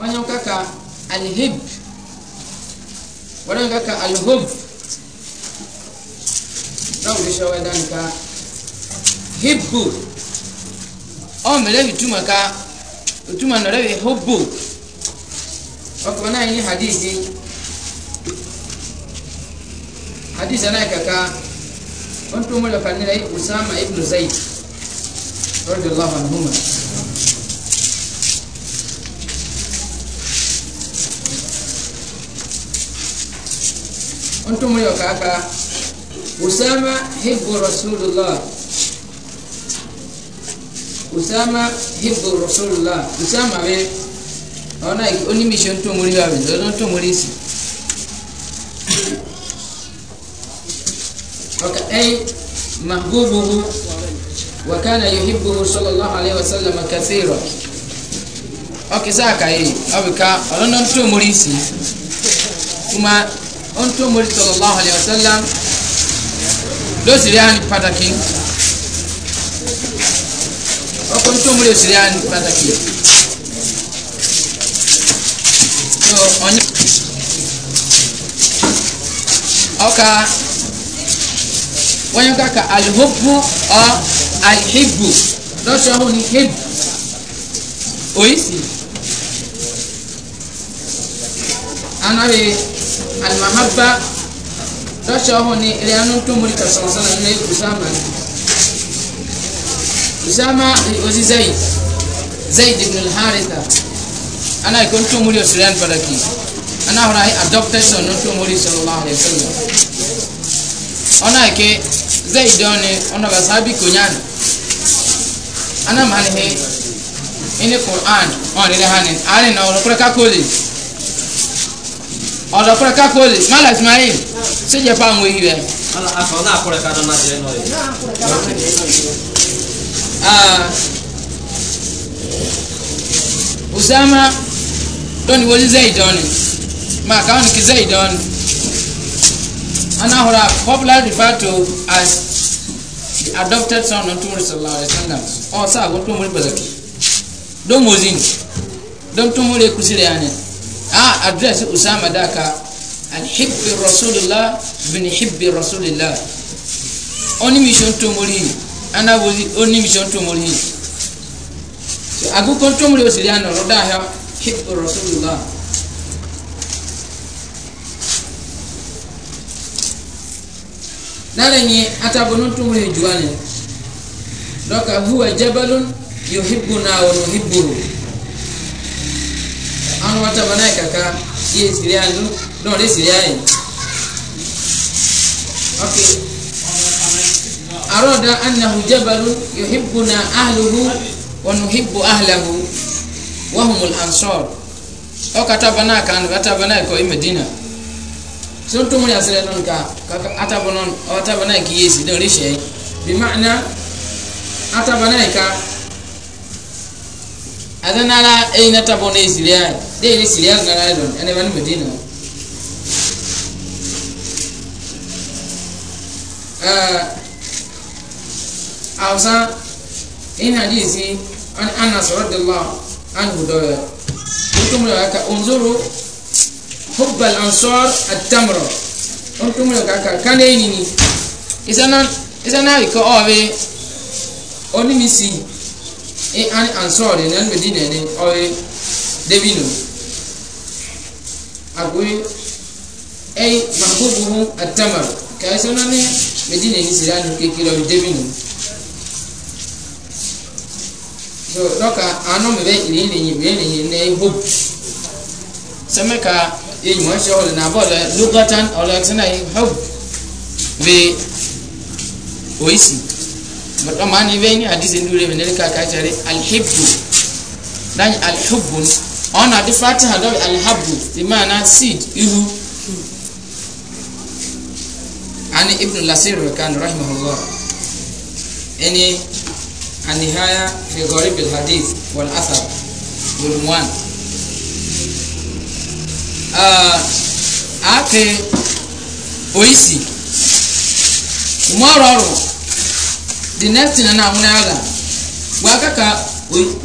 wanyo kaka alhib wanyo kaka alhub na ulisha wenda nika hibbu omele vituma ka vituma nolewe hubbu wakabana ini hadithi hadithi anayekaka wantu umule kanila usama ibnu zaid radiyallahu anhuma mtu muri kaka usama hibu rasulullah usama hibu rasulullah usama we ona oni mission to muri ba bizo no to muri si waka ay mahbubuhu wa kana yuhibbu sallallahu alayhi wa sallam kathira okay saka hii abika ona to muri si kuma ntó mori sallallahu alayhi wa sallam ló sì rí àní pàtàkì ọkọ ntó mori sì rí àní pàtàkì ọkà wọ́n yóò kàkà alihopu ọ alihibu lọ́sọ̀ ọ̀hún ni hibu oyisi anabi alimahaba dɔkita hɔ ni ɛlɛyanu tó mori kasɔnsɔn na ɛlɛ usama usama ozi zayi zayi dibnul harita ana ikon tó mori ɔsiriyan padaki ana hɔra ayi adɔkita sɔn no tó mori sɔlɔlɔ alayhi sɔlɔ ɔna ike zayi dɔɔni ɔna ba sabi konyan ana mahani he ɛni kur'an ɔni lɛ hani ani na ɔlɔkura kakoli ọ̀dọ̀ kúrẹ́ ká kó lè mọ́lá ismail síjẹ́ pa àwọn èyí rẹ̀. àkọ́lá kúrẹ́ ká dáná jẹ́ usama lónìí wo zizẹ́ ìdánni máa káwọn ní kí zẹ́ ìdánni anahura popular referred to as the adopted son of tumori sallallahu alaihi wa sallam ọ̀ sáà kó tumori pẹ̀lẹ́kì dómozin dómtumori ekusi yẹn a ah, address usama daka alhibbi rasulillah bin hibbi rasulillah oni mission to mori ana wozi oni mission to mori so agu kon to mori osiri ana roda ha hibbi rasulillah nare ni atabonu to mori juane doka huwa jabalun yuhibbuna wa nuhibbuhu anu wata bana ya kaka iye siriya nu no le siriya yi okay arada annahu jabalun na ahluhu wa nuhibbu ahlahu wahumul ansor. ansar o kata bana kan kata bana ko i medina sun tumu ya sire non ka ata bonon o ata bana ki yesi do le shay bi ma'na ata bana ka أنا لا أين تبوني سليان دي سليان أنا أيضا أنا من مدينة أوسا إن حديثي عن أنا رضي الله عنه دولة أنتم لك انظروا حب الأنصار التمر أنتم لك كان إيني إذا أنا إذا أنا أقول أوني e an ansɔɔre nan medina ni ɔye debino agoye ɛyi makobo ho atamar kaa sɛ ɔno ne medina ni sira no kekere ɔye debino so dɔka ano mɛ bɛ ire ne yi bɛ ne yi na ye hope sɛmɛ ka eyi wɔn hyɛ ɔlɛ n'abɔ ɔlɛ lugatan ɔlɛ ɔtena ye hope bɛ oisi bato mani veni hadise ndure venere kaka chare alhibbu dan alhubbun ona di fatiha do alhabbu di mana seed ihu ani ibn lasir kan rahimahullah ini anihaya fi gharib alhadith wal athar volume 1 ah ate oisi umaro the next thing na ahụ n'agha waka ka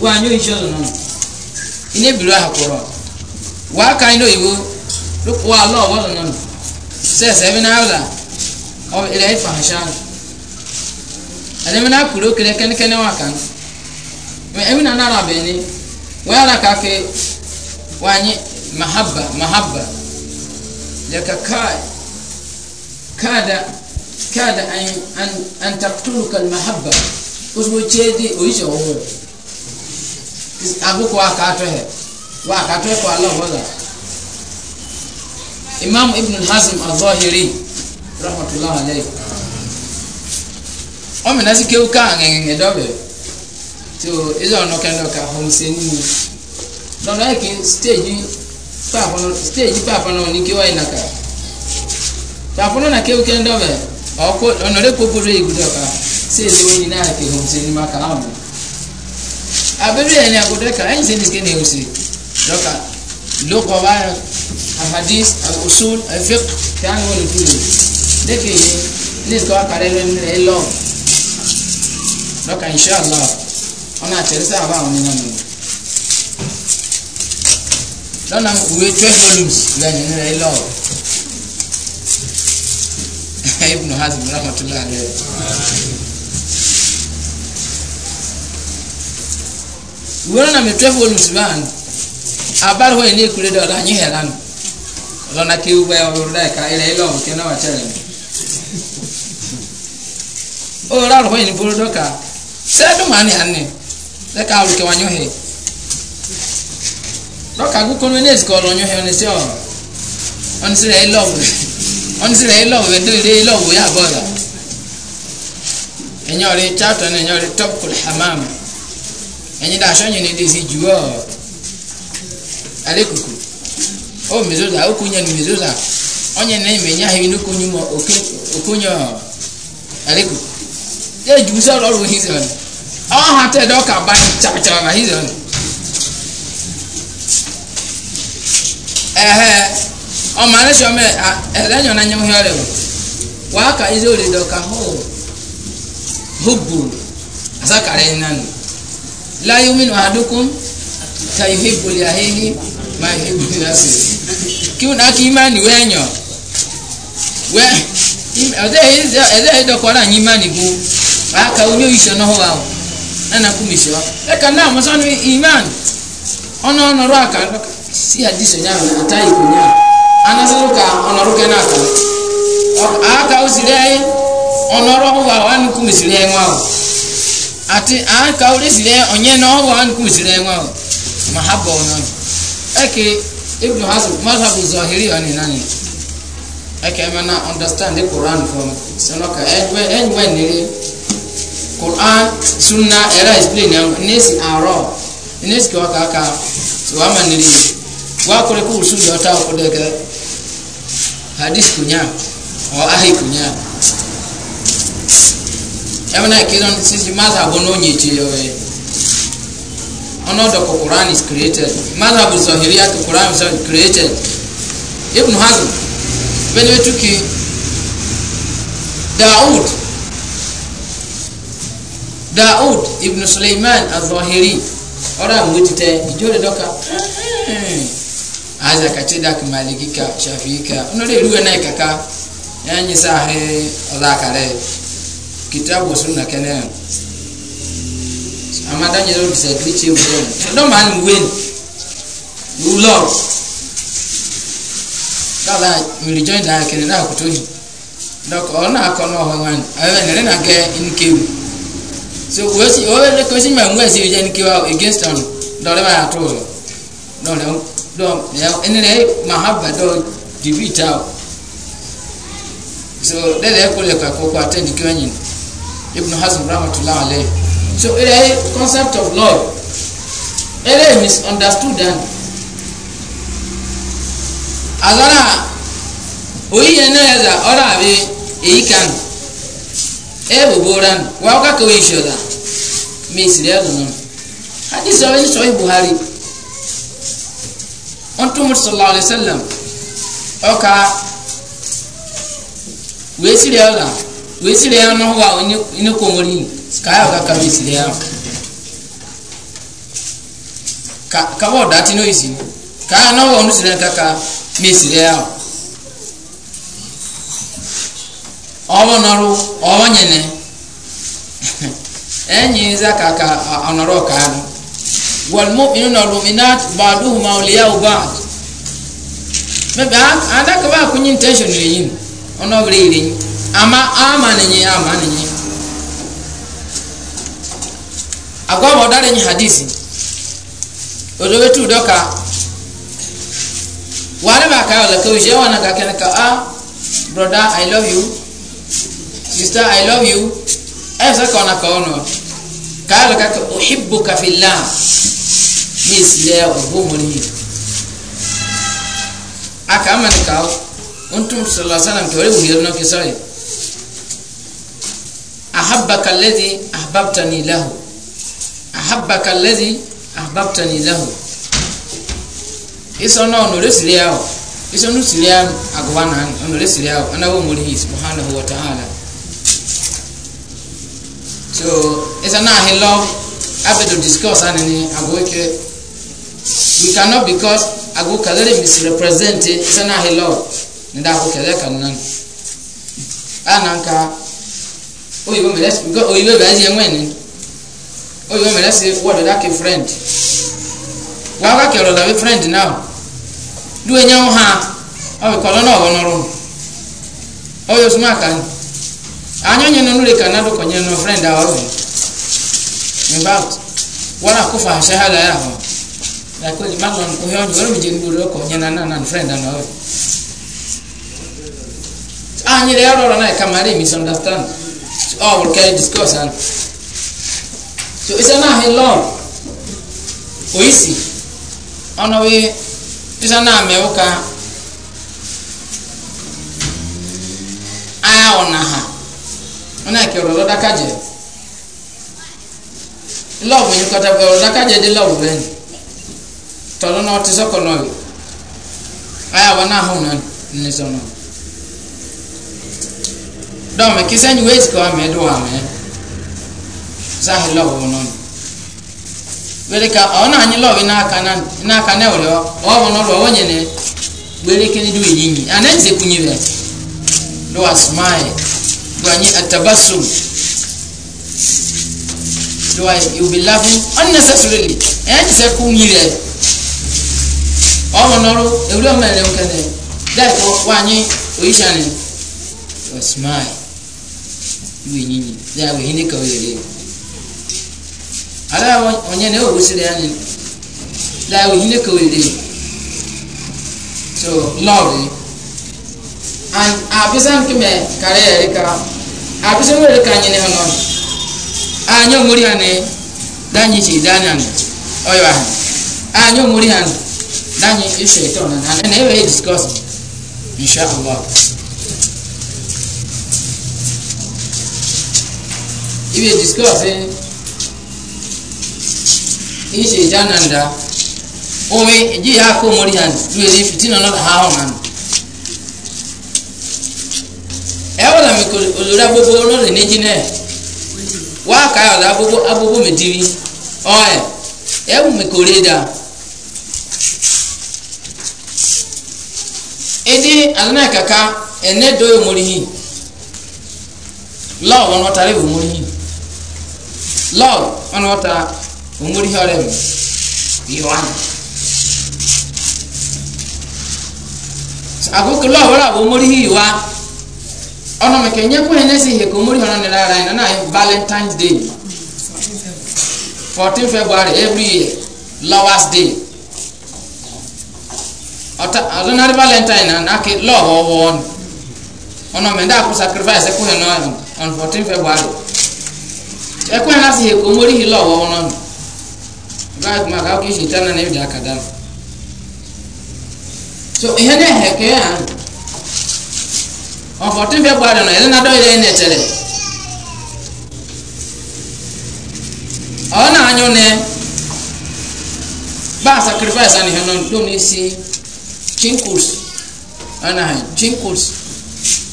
wanyụ ihi ọzọ nọ ihe biri Wa kwụrọ waka anyị n'oyibo rụpụwa ala ọwa ọzọ nọ sịs ebe n'agha ọ ere ife ahụcha adịmị na-akwụrụ okere kenekene waka ebe na nara bene wee ara ka ke wanyị mahabba mahabba daga kai kada كاد أن أن أن تقتلك المحبة أسمو تشيدي ويش هو أبوك وأكاته وأكاته والله هذا إمام ابن الحزم الظاهري رحمة الله عليه ọmọ náà sì kéwú ká àngẹ̀ngẹ̀ dọ́bẹ̀ tó ẹ̀zọ́ ọ̀nọ́kẹ́ndọ́ka ọ̀húnṣe nínú lọ́nà ẹ̀kí stéèjì pàápàá náà ní kéwú àyìnàkà na náà kéwú kẹ́ndọ́bẹ̀ ɔkò ɔnɔdɛ kpokporo yi gudɔ ka sèlè wònyi náà ké hom sèlè má kà áwò abébi yẹn ni agudɔ ka ɛyin sèlè ké nìyẹn sè dɔka lókɔ wa ahadis usul efik tí a ní wọn kúrò dèké yìí ní ìsìkò akadé lóni ẹ lọ dɔka inshàlá ɔnà àtẹrẹsẹ àbá àwọn nínú mi lọ́nà ìwé twelve volumes lẹ́yìn ẹ lọ́wọ́ yahya ibn hazim rahmatulah alayhi. wúrọ̀ nà mi twelve old musulman abáríwá yìí ní ìkúlẹ̀ dọ̀ ọ̀dọ̀ ànyìn hẹ̀rán lọ́nà kí wúbẹ́ ọ̀rọ̀ ẹ̀ka ilẹ̀ ilé ọ̀hún kí náà wà mi. ó rà rọ̀ yìí ní bóró dọ́kà sẹ́dùn wà ní àná lẹ́ka àrùkẹ́ wà nyọ́ dọ́kà kúkúrú ní èsìkọ́ ọ̀rọ̀ nyọ́ hẹ̀ ọ̀nẹ́sẹ̀ ọ̀rọ̀ rẹ̀ ilé ọ̀hún onisi le ilɔwo edo ile ilɔwo ya bɔra enyɔri chapter na enyɔri tɔpkul hamam enyi da asɔ nyini desi juɔ alekuku o mezoza oku nyɛ mezoza ɔnyɛ ne me nya hebi nuku nyumɔ oke oku nyɔ alekuku ye ju sɛ lɔri wo hizɔn ɔha tɛ dɔ ka ba tsaptsapa ma hizɔn ɛhɛ ọmọ alẹ́ sọ mẹ́ ẹlẹ́yìn náà nyẹ́ mu hẹ́rẹ́ o wàá kà ẹ́ lórí dọ̀ka hó hóbù asákàrẹ́ yín nánu láyé wínú àdókùn tàyè hóbù lè àhéhí máa hóbù lè àṣẹ kí wọn kì í má nìwé ẹ̀yàn wẹ́ ẹ̀dẹ́ yìí dọ̀kọ̀ ọ̀rọ̀ àyín má nìgbó wàá kà ọ́ ní sọ̀nà hó wa o nana kú mi sọ ẹ̀ka náà mo sọ ní imán ọ̀nà ọ̀nà ọ̀rọ̀ àkàndọ́ka sí àdìsọ̀ yàrá àtàyè kò anasịrị ka ọnọrụ ke na-aka aka anyị ọnọrụ ọhụrụ ahụ anụ kumesiri anyị nwa ahụ ati aka oresiri anyị onye na ọhụrụ anụ kumesiri anyị nwa ahụ ma ha bụ ọnọ eke ibnu hasan mmadụ bụ zọhiri ọ nịnanị eke eme na understand the quran from sanoka enwe enwe niri quran sunna era explain ya nesi arọ nesi kwa kaka so ama niri wakore kuhusu yota okudeke Hadis kunya or ahi kunya ɛmɛnɛ kiran sisi mazhabu no nye ti yɔ ye ɔnɔdɔ ko quran is created mazhabu zɔhiriya to quran is created ibn hazm bɛni bɛ tuki daoud daoud ibn suleiman azɔhiri ɔrɔ amu ti tɛ ijo de dɔ ka. Hmm aza katida kumalikika shafiika unoleluwe naye kaka yanyisa ahe olakale kitabu sunna kene amadanyelo disagree chimu doman ngweni ulo kala milijoin da kene da kutoni donc ona akono hwan awe nere na ge inkewu so wesi owe le kosi ma ngwesi je nkewa against on dole ba atoro dole dɔn ɛnɛ dɛ mahaba dɔn dibi ta o so dɛ dɛ kó lɛ kakó kó atɛ di kɛn ibn hasan rahmatulah alɛ so ɛnɛ eh, yɛ eh, concept of love ɛnɛ eh, misunderstood and azɔra oyi yɛ nɛ yɛ za ɔra abe eyi kan ɛ bobo ran wa kaka oyi sɔ la mi siri ɛ lɔnà hadith sɔ wɛni sɔ yi buhari ɔntumur sallallahu alaihi wasallam ɔka wesiri ɔla wesiri ya no wa ni komori skaya ɔka ka wesiri ya ka ka wɔ dati no isi kaya no wɔ nusiri ka ka mesiri ya ɔwɔ nɔro ɔwɔ nyene ɛnyi zaka ka ɔnɔrɔ kaa no. والمؤمنون والمؤمنات بعضهم أولياء بعض mebe adaka ba kunyi intention le yin ono bere ire ama ama ne yin ama ne yin agwa mo dare yin hadisi odo betu doka wale ba ka la ko je wana ka ken ka ah brother i love you sister i love you esa kona ka ono قال لك أحبك في الله ميس لا أبوه لي أكا أما نكاو أنتم صلى الله عليه وسلم كوريو هيرنا كساي أحبك الذي أحببتني له أحبك الذي أحببتني له إسا نو نورس لياو إسا نورس لياو أقوانا نورس لياو أنا هو موليه سبحانه وتعالى so it's an ahi love after to discuss and ni ago ke we cannot because ago kadere misrepresent it's an ahi love nda ko kele kan nan ananka oyibo mẹlẹsi because oyibo bẹẹ ti ẹwọn ni oyibo mẹlẹsi wọdọ dake friend wọn akakẹ ọrọ labi friend now duwe nyẹ wọn ha ọbẹ kọlọ náà wọn nọrọ ọbẹ yóò súnmọ àkànní anyanya no nure kana do konye no friend awo in fact wala kufa shahala ya ho na kwa ni magwa ko hiyo ni wala mjeni buru ko nyana na na friend ana ho anyi ah, le yaro na kama re misunderstand oh we discuss and so it's an a law oisi ona we it's an a meuka aya ona ha ɔna kɛ ɔlɔ dakagyɛ lɔv ni kɔta ɔlɔ dakagyɛ de lɔv bɛn tɔlɔ na ɔte sɛ kɔnɔ yi ayi awa na ahɔn na ne sɔ no dɔmɛ kisɛ nyi wei sikɔ amɛ do amɛ zahi lɔv no wele ka ɔna anyi lɔv n'aka na n'aka na ɛwɔlɛ ɔwɔ n'ɔlɔ ɔwɔ nyɛ ne wele do enyi nyi anɛ nse kunyi bɛ do wa smile tufanye atabassum do I you be laughing unnecessarily and eh, say kun yire ọmọ nọrọ ewúrẹ́ ọmọ ẹ̀rẹ́ nkẹ́nẹ́ dẹ́kọ̀ wá ní oríṣàní ọ̀sùmáì ìwé yìnyín dẹ́wọ̀ yìí nìkan òyèrè aláwọ̀ ọ̀nyẹ́ ní òwú sílẹ̀ yẹn dẹ́wọ̀ yìí nìkan òyèrè so lọ́ọ̀rẹ́ and abisan kime kare erika abisan wele ka nyine hono anyo muri hane danyi chi danan oyo ha anyo muri han danyi ishe to na na ne we discuss insha Allah ibe discuss eh ishe dananda owe ji ya ko muri han duwe fitina na ha ho man mi ko olórí agbogbo olórí níjí náà wá káyọ̀ ọ̀dà agbogbo agbogbo mi diri ọ̀ẹ́ ẹ̀ wù mí kò rí da. edi alana kaka ene do ye mori hi lɔɔ wɔn wɔta lebe mori hi lɔɔ wɔn wɔta omori hi ɔrɛ mi yiwani agogo lɔɔ wɔn a wɔn mori hi yiwa ọ̀nà mẹ̀kẹ́ nyẹ́ fún yẹn nẹ́sì ìhẹ̀kọ́ mórí ọ̀nà nílá ara yẹn náà valentine's day fourteen february every year lovers day ọ̀tá ordinary valentine na náà kì í lọ́ọ̀ wọ́wọ́ ọ̀nà ọ̀nà mẹ̀ndá kó sacrifice ẹ̀kọ́ yẹn on fourteen february ẹ̀kọ́ yẹn náà sì ìhẹ̀kọ́ mórí yìí lọ́ọ̀ wọ́wọ́ náà báyìí kò máa ká kí n ṣe ìtàn náà ní ìdí so ìhẹ́ náà ẹ̀kẹ́ yẹn àná. on 14 february no na do ile ne tele ona anyo ne ba sacrifice ani hanon do ni si chinkurs na ha chinkurs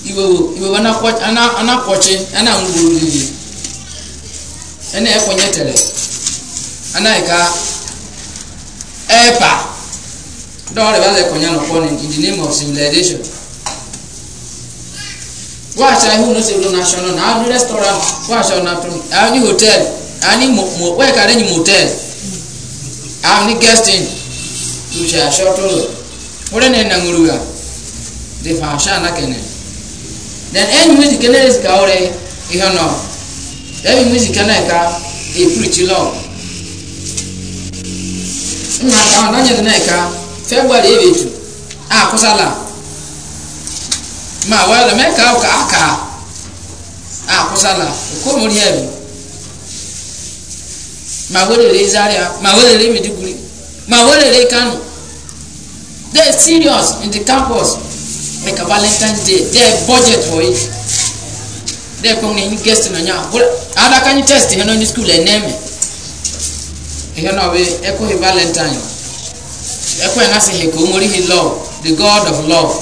iwe ana kwa ana ana kwache ana e kwenye tele ana ika epa dɔw de b'a lɛ kɔnya in the name of civilization wahyɛ ihu no sɛ wuro no ahyɛ no na adu restaurant wahyɛ no atom ani hotel ani mo mo wɔyɛ ka ne nyim hotel ani guest in tuhyɛ ahyɛ to lo wɔde ne nan wura de fa ahyɛ ana kɛnɛ then ɛn music ne resika wɔre ihe no ɛbi music na ɛka epirikyi lɔ mmaa ka wɔn n'anyɛ de na ɛka february ebi tu a kɔsa la ma wala me ka ka aka a kusala ko muri yabi e ma wole le zaria ma wole le mediguri ma wole le kanu they serious in the campus like a valentine's day they budget for it they come in guest na nya wala ada kan test he no in school e neme he no we e ko he valentine e ko e na se he ko muri he love the god of love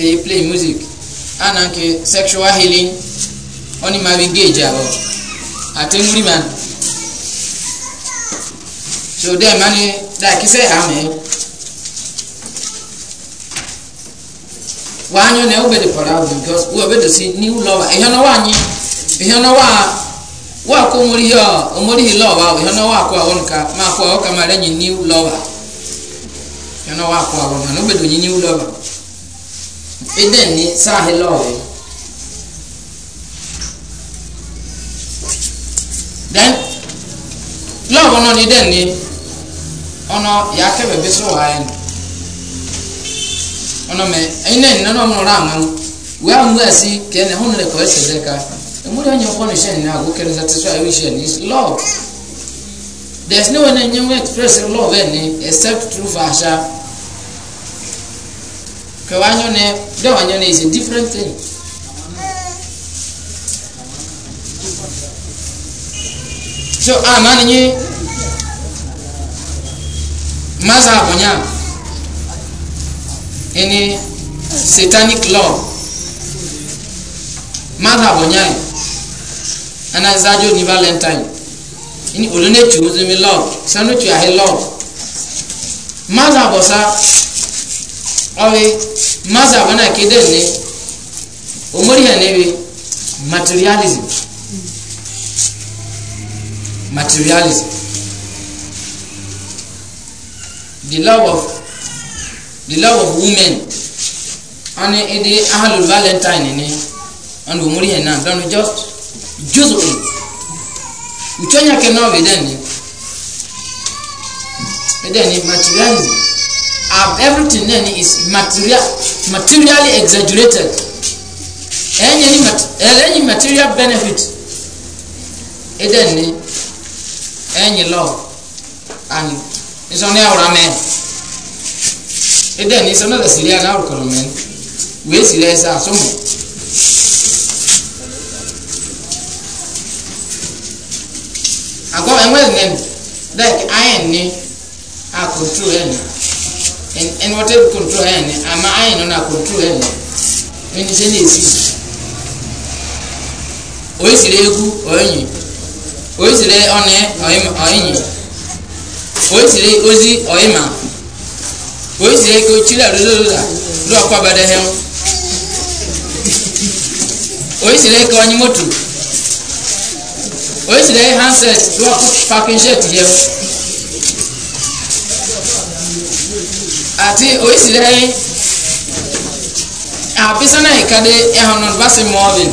they play music ananke sexual healing oni ma bi gauge abo ate ngri man so there mani like say ame wanyo ne obede para because we obede si new love ehyo no wanyi ehyo no wa wa ko muri yo omuri hi love awo ehyo no wa ko awon ka ma ko awon ka ma renyi new love ehyo no wa ko awon na obede nyi new love Fideni Sahilovi. Then love ono ni deni ono ya kebe so wa en. Ono me ine ni no mo ra ngan. We am we si ke ne hunu le ko ese zeka. Emuri onye ko ni shen na go kere satisfy we shen is love. There's no one in you express love any except through fashion kawanyone dawanyone is a different thing so amani nye maza abonya ini satanic law maza abonya ana zajo ni valentine ini olone tu zimi law sanu tu ahe law maza abosa ɔwe masa bana kede ne omori hɛ nebe materialism materialism the love of the love of women ɔne ede ahalul valentine ni ɔne omori hɛ na dɔn just just it utonya kɛ nɔɔbe dɛ ne ɛdɛ ne materialism. Have everything náà is material materially exaggerated ẹ̀yìn ni ẹ̀yìn material benefit ẹ̀dẹ̀ ni ẹ̀yìn love and ìsọ̀nì àwòrán mẹ́ ẹ̀dẹ̀ ni ìsọ̀nì ọ̀dọ̀ sílẹ̀ àná àwòrán mẹ́ wíyé sílẹ̀ ẹ̀sẹ̀ àsọ̀mọ̀. àgọ́ ẹ̀wọ̀n ẹ̀ nẹ́ni dẹ́ẹ̀kì ayẹ̀ ni a ah, control ẹ̀ eh, ɛn wɔte control hɛn ni ama ayɛ no na control hɛn ni ɛni sɛ ɛna esi oyisire egu ɔyinyi oyisire ɔnɛ ɔyima ɔyinyi oyisire ozi ɔyima oyisire kotsira lodododa do ɔkɔ abadɛ hɛn oyisire kɔnyi moto oyisire handset do ɔkɔ parking shed ati oisi dai apisa na ikade ehono basi movin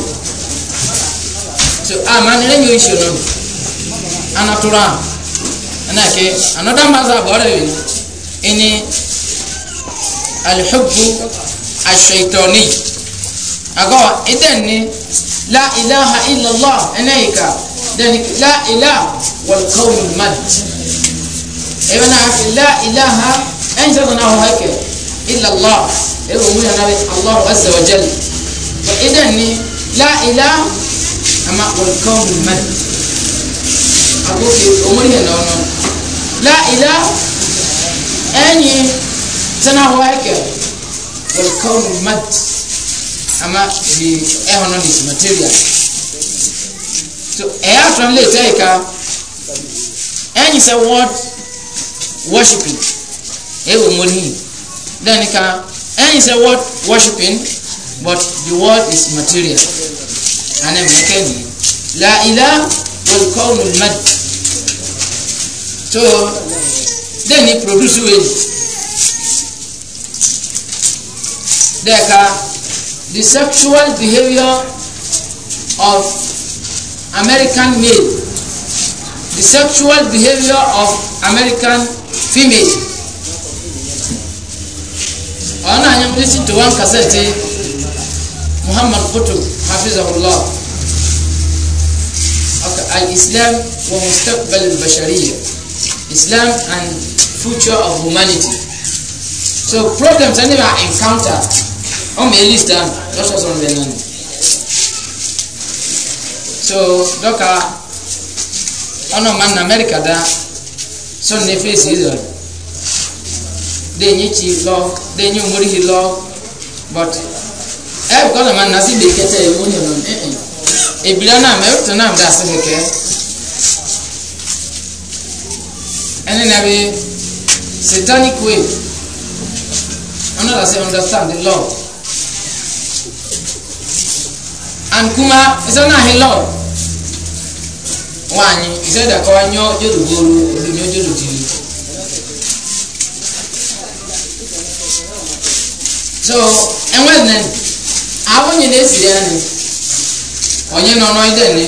so amani le nyu isho no anatura anake anoda maza bore ini alhubbu ashaitani ago idanni la ilaha illa allah enaika dan la ilaha wal qawl mad ebana la ilaha أين تظنه هكذا؟ إلا الله الأمور نبي الله عز وجل فإذا لا إله أما والكون من؟ أقول في الأمور هنا لا إله أني تنهو هيك والكون الملك أما في air eh, on is material so air translate هيك أني say what worshiping ewu mori then ka ẹyin sẹ word worshiping but the word is material ana mẹkẹ ni la ila will wọl kọọnu mad so then he produce wey there ka the sexual behaviour of american male the sexual behaviour of american female. I am listening to one cassette Muhammad Qutb hafizahullah al-Islam wa mustaqbal al-bashariyya Islam and future of humanity so problems anyway I encounter I my list and not just I the none so doka ono man America that so ne face either dey nyichi lɔ dey nyi omorihi lɔ but ɛ eh, because ma nasi de kɛtɛ ewu ni ɔnɔ ɛ ɛ ebira naa mɛ ɛwutɔ naa da ase kɛkɛ ɛne na bi satanic way ɔno da se understand the law and kuma ɛsɛ naa he law wanyi ɛsɛ dakɔ anyɔ jodogboro olumi jodogboro. so enwere awụnye na-esiri anyị onye nọ n'ọdịni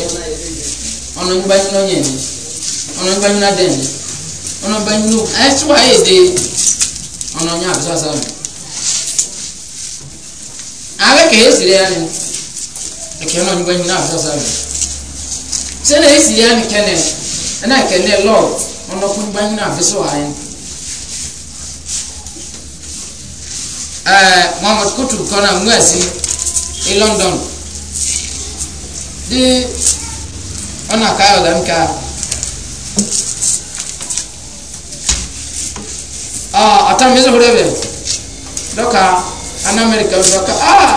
ọnụ mgbanye n'onye nne ọnụ mgbanye n'adịni ọnụ mgbanye n'ugwu ayịchịkwa ya ede ọnụ onye ka nke mgbanye sị na esiri anyị kene e na kene lọọ ọnụ mgbanye Eh, muhammad kutub kọ́nà ń wẹ̀sí ní london di ọ̀nà káyọ̀ lẹ́mka ọ̀tá mi sọ̀rọ̀ bẹ̀ dọ́ka anamẹ́ríkà dọ́ka ah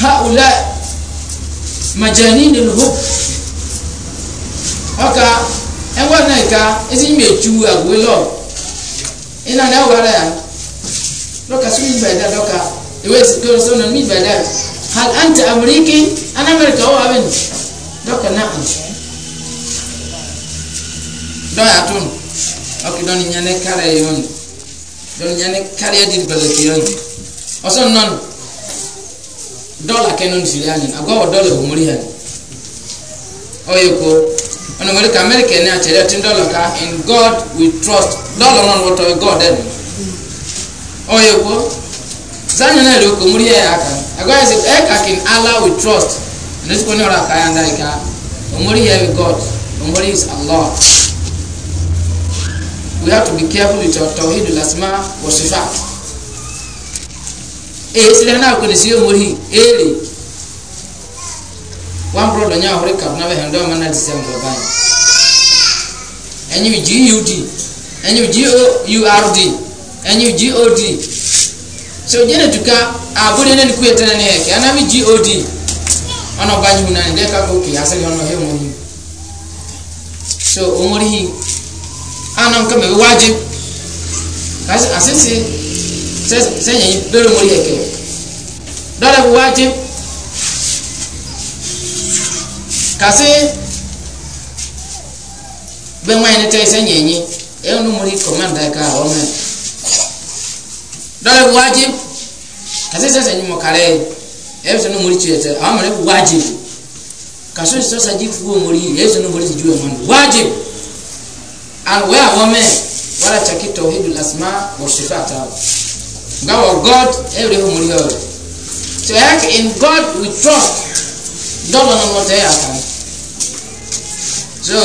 ha ula majani ni lóhùn ọ̀ka ẹ̀wọ̀n náà ìka ẹ̀sìn mi ètú àgbélọ̀ ìnáwó ara yàrá lọ́ka sí mi bẹ̀rẹ̀ lọ́ka ìwé ìsìnkú ọ̀rọ̀ sọ́nà mi bẹ̀rẹ̀ hal anta amuriki an amẹ́ríkà wà bẹ́ẹ̀ lọ́ka náà dọ́yà tó nù ọkì dọ́ni nyane kárẹ̀ yọ̀ nù dọ́ni nyane kárẹ̀ di balẹ̀tì yọ̀ nù ọ̀sán nọ̀ nù dọ́là kẹ́nu ní sìlẹ̀ àná àgọ́wọ̀ dọ́là òmùrí hàn ọ̀yẹ̀ kó ọ̀nà mọ̀lẹ́kà amẹ́ríkà ní àtẹ̀lẹ́ tí dọ́là ká in god we trust dọ́là náà wọ́tọ̀ god ẹ̀ nù oye ko zanyo na ero ko muri aka agwa ese e ka kin allah we trust ne ko ne ora ka yanda ka omuri ya we god omuri is allah we have to be careful with our tawhid al asma wa sifat e sile na ko ne si omuri ele one brother nya hore ka na be hando man na december ban enyi ji enyi ji u r d ɛnyi god so gye ne tuka abode ne ne kue tene ne yɛkɛ anam god ɔna ɔba nyimu nani dɛ kaka oke asɛ yɛ ɔna ɔyɛ ɔmo nyimu so ɔmori hi ana nka mɛ wagye kasi asese sɛ sɛ nyɛ yi bere ɔmori yɛkɛ dɔlɛ wagye kasi bɛ ŋmaa yi ne tɛ sɛ nyɛ nyi ɛyɛ ɔno ɔmori kɔmanda yi ka ɔmɛ dɔle wajib kasi sɛsɛ nyimɔ kare e ɛbi sɛ no mori tiɛ tɛ awa mɛrɛ wajib kaso sɔsa ji fuwo mori ɛbi sɛ no mori ti juwe mɔni wajib and where wɔmɛ wala caki tɔhidu lasma wɔsifa ta nga wɔ god ɛwɛrɛ e hɔ mori hɔ so e ɛk in god we trust dɔlɔ na mɔtɛ yɛ ata so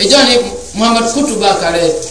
ɛjɔni muhammad kutuba kare.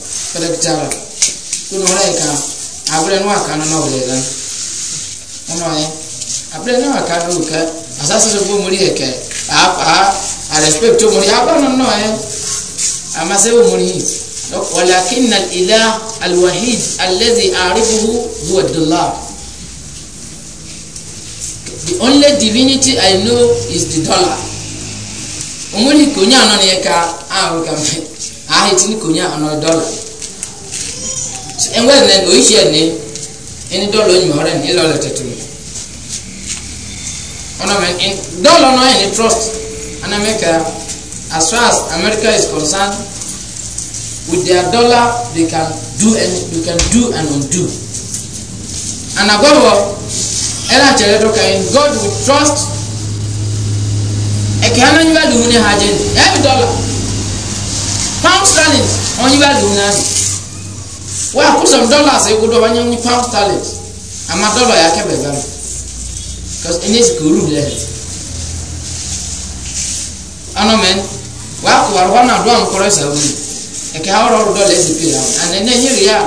kada kitara kuno reka abule no akana na olela ono ye abule no akana uka asasa so bo muri eke apa a respect muri apa no no ama se bo muri ولكن الاله الوحيد الذي اعرفه هو الله the only divinity i know is the dollar omori konya anọ na eka ahụ ka mfe ahụ etinye konya anọ dọla ẹ̀wẹ́ ẹ̀ ní oríṣi ẹ̀ ní ẹni dọ́ọ̀lù ọ̀nyìnbó ọ̀rẹ́ ní ìlọ̀lẹ̀ tètè ọ̀nà mẹ́ dọ́ọ̀lù ọ̀nà ẹ̀ ní trust and america as far as america is concerned with their dollar they can do and they can do and undo and agbọ́dọ̀ ẹ̀ náà tẹ̀lé dọ́kà in god will trust ẹ̀kẹ́ hàn ányiwá lùhùn ní hajj ẹ̀ ní dọ́là pound sterling ọ̀nyiwá lùhùn náà wa ku sam dollars e kudo banya ni pound sterling ama dollar ya ke bega cuz in is guru le ano men wa ku war wana do an koro sa wi e ke hawro do dollar e pe ya an ne nyiri ya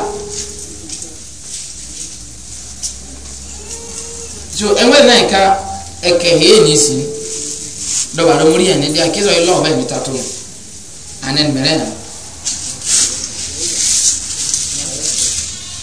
so enwe na nka eke he ni si do ba do muri ya ne dia ke zo ilo ba mi tatu anen mere na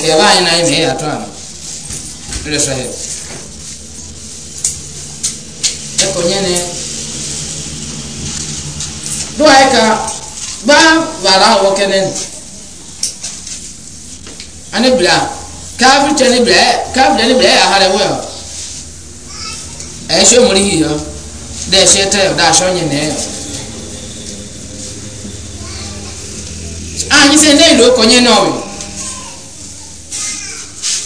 keba ina ina ya twana ile sahi eko nyene dua eka ba bara wo kenen ane bla kafir tene bla kafir tene bla ya hare wo e se muri hi yo de se te da so nyene eh, anyi ah, se ne lo konye no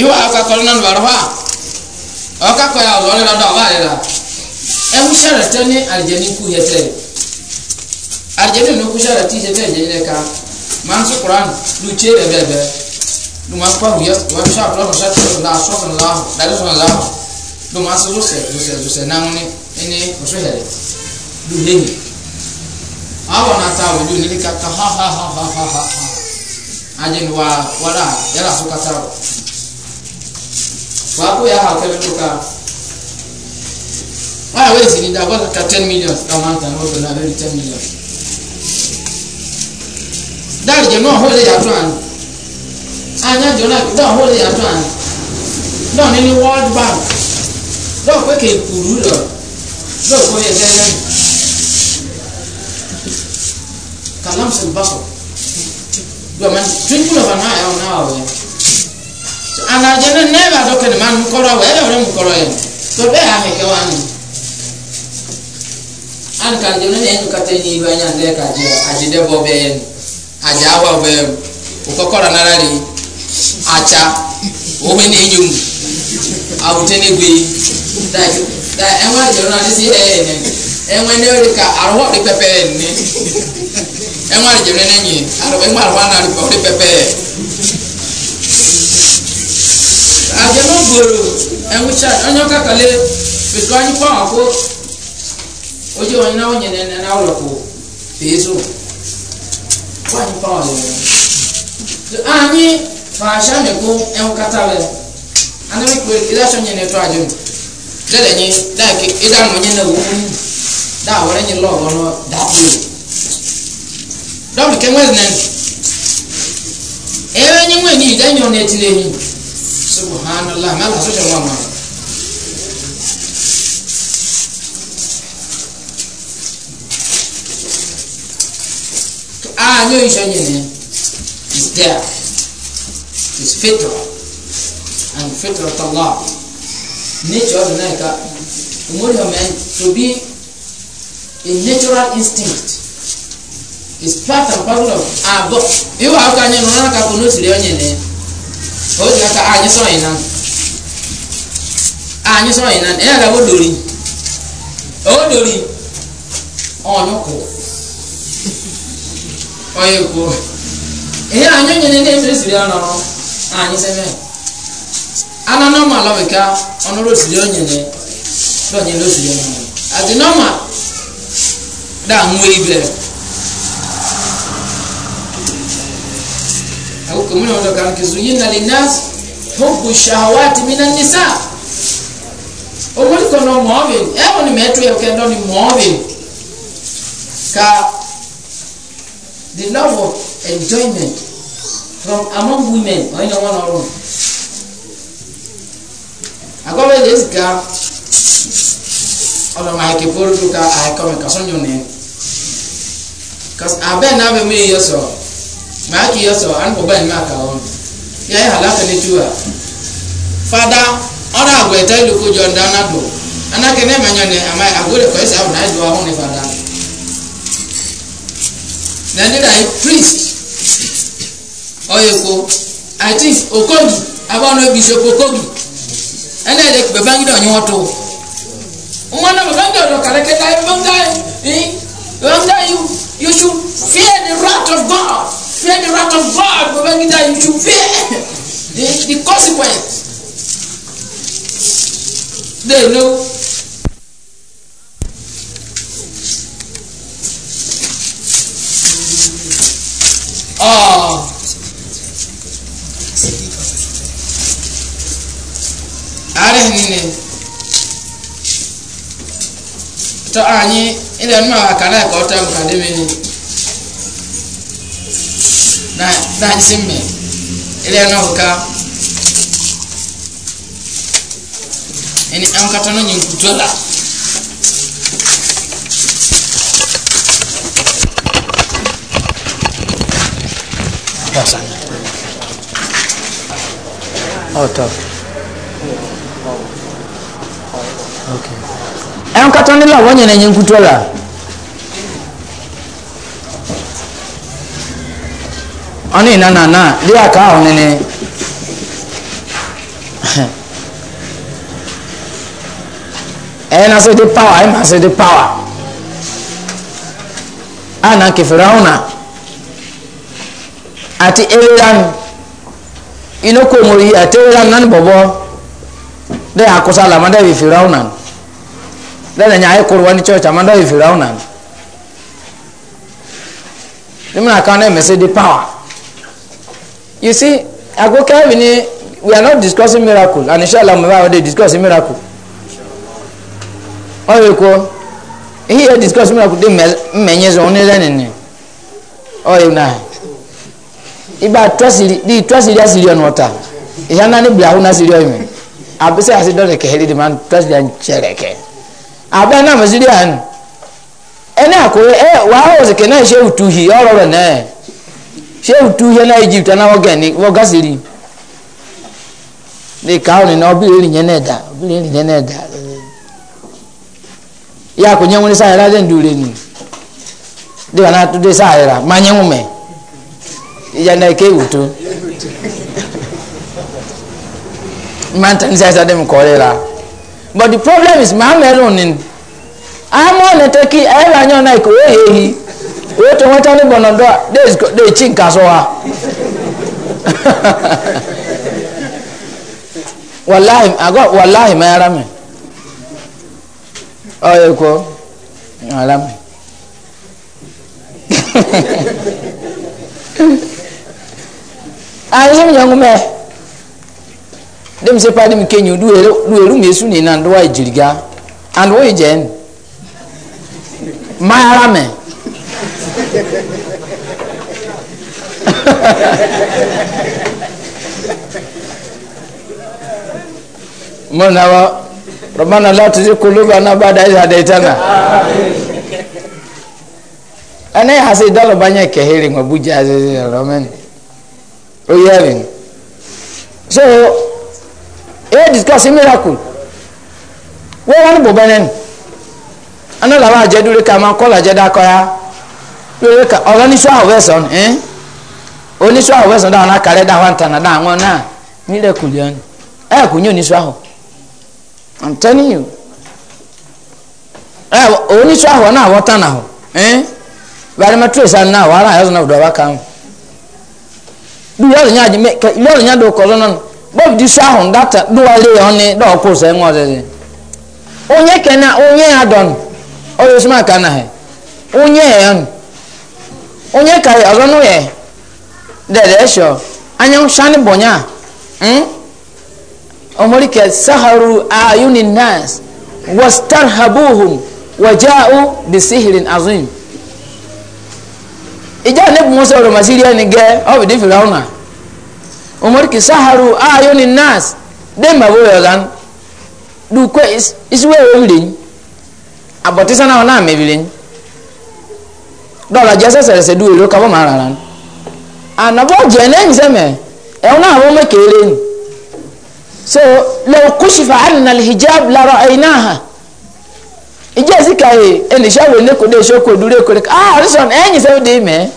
iwa aka kɔlɔ nanu baro hɔ a ɔka kɔ ya ɔzɔ lera do ɔba lera ɛmu sɛrɛtɛ ni alijani ku yɛ tɛ alijani nu ku sɛrɛtɛ yɛ tɛ yɛ yɛ ka man su kuran lu tse bɛ bɛ bɛ lu ma kpa hu yɛ wa sɛ akɔlɔ nu sɛ tɛ la sɔ fana la da de fana la lu ma sɛ zusɛ zusɛ zusɛ nanu ni ɛni o sɛ yɛrɛ lu heyi awɔ na ta o ju nili ka ka ha ha ha ha ha ha ajani wa wala yala so ka ta o wàá kó yà hà kẹ́lẹ́ tó ká wọ́n yà wéèsì ní dàgbà ká ten million ọmọ àtàn wọ́n bẹ̀rẹ̀ àbẹ̀rẹ̀ ten million dáàrì jẹ̀ náà hó lè yàtọ̀ àná anyájọ náà náà hó lè yàtọ̀ àná náà ní ní world bank náà pé kè kúrú lọ náà kó yẹ lẹ́lẹ́ kàlámsì bàkọ̀ gbọ̀mọ̀ twenty one of an hour náà wọ̀ yẹn anajɛnɛ nɛɛba dɔ kɛnɛ ma nkɔrɔ wɛ ɛyɛ wɛrɛ nkɔrɔ yɛ to bɛɛ y'a hɛkɛ wa ni an ka jɛnɛ yɛ nuka tɛ nyi ba nyan dɛ ka jɛ a jɛ dɛ bɔ bɛɛ yɛ a jɛ awa bɛɛ o kɔ kɔrɔ nara de a ca o bɛ ne nyom a o tɛ ne gbe da da ɛnwa jɛnɛ na ne si yɛ yɛ nɛ ɛnwa ne yɛ ka arɔ de pɛpɛ yɛ nɛ ɛnwa jɛnɛ ne nyɛ arɔ ɛnwa arɔ na de pɛpɛ yɛ. ugboro enwụcha onye ọka kale biko anyị kwa akwụ onye na onye nene na ụlọ kwụ pezo kwanyị pa ọlịrị anyị fasha mekwu enwụkata lere anaghị kwere kele achọ nye na-eto ajụ dede nye daike ịda na onye na-ewu da were nye lọgụ ọnụ dapụ dọmike nwezi na ewe nye nwee n'ihi denye ọ na-etiri enyi subhanallah mala sọ́jà wà máa. a ní oṣù yẹn ni is there is fitra and fitra tala nature ọdún náà ká omori ọmọ ẹ to be a natural instinct is part and parcel of our ihu akọ anyanwụ nana kakọ n'osiri onye na ya o ti ka anyi sɔrɔ yina anyi sɔrɔ yina ɛyà lɛ o dori o dori ɔnyɔ ko ɔyɛ ko ɛyà anyɔ nyɛ ne ɛfiri siri anɔ anyi sɛmɛ ananɔ ma lɔ mika ɔnɔ lɔ siri ɔnyɛ ne lɔ nyɛ lɔ siri ɔnyɛ adi nɔ ma da ŋu eyi bɛrɛ. kumuli wanda kan kizuyina linas hubu shahawati minan nisa omuli kono movin ewo ni metu ya kendo ni movin ka the love of enjoyment from among women oyin na wọn ọrùn agbọ́dọ̀ ilé sika ọlọmọ àìkè bóró tó ka àìkọ́mẹ̀kà sọ́nyọ̀ nìyẹn abẹ́ náà bẹ̀ mí yẹ sọ̀rọ̀ maa kì í yọ sọ anfọ báyìí máa kà wọn yà yà hàlá fẹlẹ tu wa fada ọdọ àgọ ẹtẹ lóko jọ ndá ọ̀nà dùn anake ní ẹ̀mẹ̀ nyọ̀nẹ̀ àmà àgọ rẹ̀ kọ́ ẹ̀sẹ̀ àwọn náà dùn àwọn ní fada nàìjíríà yìí priest ọ̀yẹ̀kọ ati okogi abọ́nà bishop okogi ẹnna ẹ̀dẹ̀ bẹ̀bá ń gbé ọ̀nyẹ́ wọ́n tó wọn náà bẹ̀bá ń gbé ọ̀dọ̀ kàrẹ́kẹ́ láì bẹ̀bá ń gbé ọ̀dọ̀ yìí bẹ̀bá ń gbé yìí you should fear the wrath of God fear the wrath of God go make that you should fear the the consequence they know. Ah. are nini to anyi ile nma kana ko ta mkadimi ni na dajisimbe ile anaoka yani amkatano nyinkutola kosa oto la ọ̀nà ìnana náà lé àká àwọn nínú ẹ̀yìn asẹ́dí pàwà ẹ̀yìn asẹ́dí pàwà àná kẹfìrà ọ̀nà àti eréyàmù inú kò mú yìí àti eréyàmù náà ní bọ̀bọ̀ dẹ́ àkóso àlàmọ́dẹ́ ìfìrà ọ̀nà dẹ́nà nyà ayé kóró wani church àmọ́dẹ́ ìfìrà ọ̀nà nímú àká náà mẹ́sẹ́dí pàwà. You see, Agoka, we are not discussing miracle, and inshallah, we are already discussing miracle. Or you go, here discuss miracle, they mention only learning. Or you know, Iba trust the trust the Syrian water. Ihana ni blahuna Syrian men. Abese asido le keheli de man trust the chereke. Abena mazidi an. Ena ko eh wa o se kenai she utuhi ọrọ rẹ náà shehu tu hena egypt ana wɔgɛ ni wɔga siri ne kaa ne na ɔbili eri nyɛ n'ɛda ɔbili eri nyɛ n'ɛda ya ko nyɛ ŋun sa yɛrɛ de nduure ni de kana to de sa yɛrɛ ma nyɛ ŋun mɛ ìjà náà ké wùtó ma n ta ni sa yɛrɛ de mi kɔɔre la but the problem is maa mɛrun ni ahamɔ ne tɛ ki ɛyɛ la nyɛ ɔna ko wee to nweta ndị gbọnọdọ a na-echi nke asọ ha wallahi agọ wallahi ma ara mi ọ yẹ kọ ara mi ayi sẹ mi yàn kúmẹ dem sẹ pàdé mi kéyìn du eru mi esu nìyí na ndúwà ìjìrìgá and wọ́n yìí jẹ́ ma ara mi muna ba ربنا لا تزغ قلوبنا بعد إذ هديتنا أنا حسيت دار banyak kehiring abuja ramen oh yeah so e discuss miracle wọ́n wọn bọ̀ bẹ́ẹ̀ ni ẹnu làwọn àjẹdúró ká máa kọ́ làjẹdá kọ́ ya. wíwí ka ọ̀rọ̀ níṣọ́ àwẹ̀sán ẹ́n oníṣọ́ àwẹ̀sán dáhùn lákàrẹ́ dáhùn àtànà dáhùn náà nílẹ̀ kùlẹ̀ eh? ahụ onye onye onye ka ọzọ nụ ya dede shani bonya mm omorike saharu ayuni nas wastarhabuhum waja'u bisihrin azim ija ne bu musa ro masiri ni ge o bi di firauna omorike saharu ayuni nas de mabo yogan du ko is iswe o mirin abotisa na ona dɔla jɛsɛ sɛrɛsɛ du olo kaba ma rara anabɔ jɛnɛ nsɛmɛ ɛwọn náà wọn mɛkɛlɛ ni so lɛw kusifa alinali hijab larɔ ɛyinaha ìjẹ́ ìsìkà yìí ẹnìṣẹ́ e wo ní kòdé ìṣókò dúró kòdé ká ah ọ̀rẹ́sọ̀n ẹ̀yìn sẹ́wọ́n dé mẹ́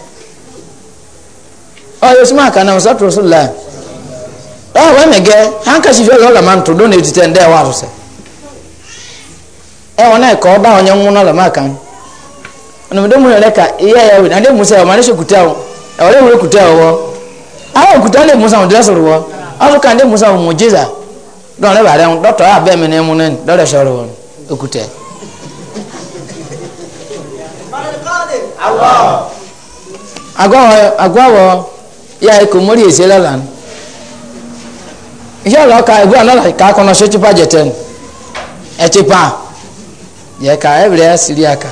ọ̀yọ́ súnmọ́ kana ọ̀sán tó sùn láà lọ́wọ́ wẹ́n mẹ́gẹ́ hankasi fẹ́ lọ́ọ́ làmá tó dóni ètùtẹ̀ ń dẹ́ wà rọ̀ṣẹ̀ ẹ̀wọ̀n náà ẹ̀kọ́ bá wọn yẹn ń mú náà kan ọ̀nà mọ̀dé múlẹ̀ lẹ́ka ìyá ìyá wìnà adé musa ọmọ adé sèkúta o ọ̀rẹ́ ìwúrẹ́ kúta ọwọ́ àwọn òkúta adé musa ọmọdé sọ̀rọ̀ wọ́ ọ̀túnkà adé musa ọmọ jésà dọ́n lẹ́bàá rẹ̀ dọ́tọ̀ abẹ́ mi ní ẹmu náà dọ́rẹ̀ sọ̀rọ̀ wọn òkúta. agwawọ ya ikọ̀ mórí èsì lọ́la ni iṣẹ́ ọ̀lọ́ka ìgbé ọ̀nàlá kakọ́nà ṣe tipa jẹ̀tẹ̀ ni ẹ̀ tipa yẹ ká ẹ̀ bẹ̀rẹ̀ sírí àkà.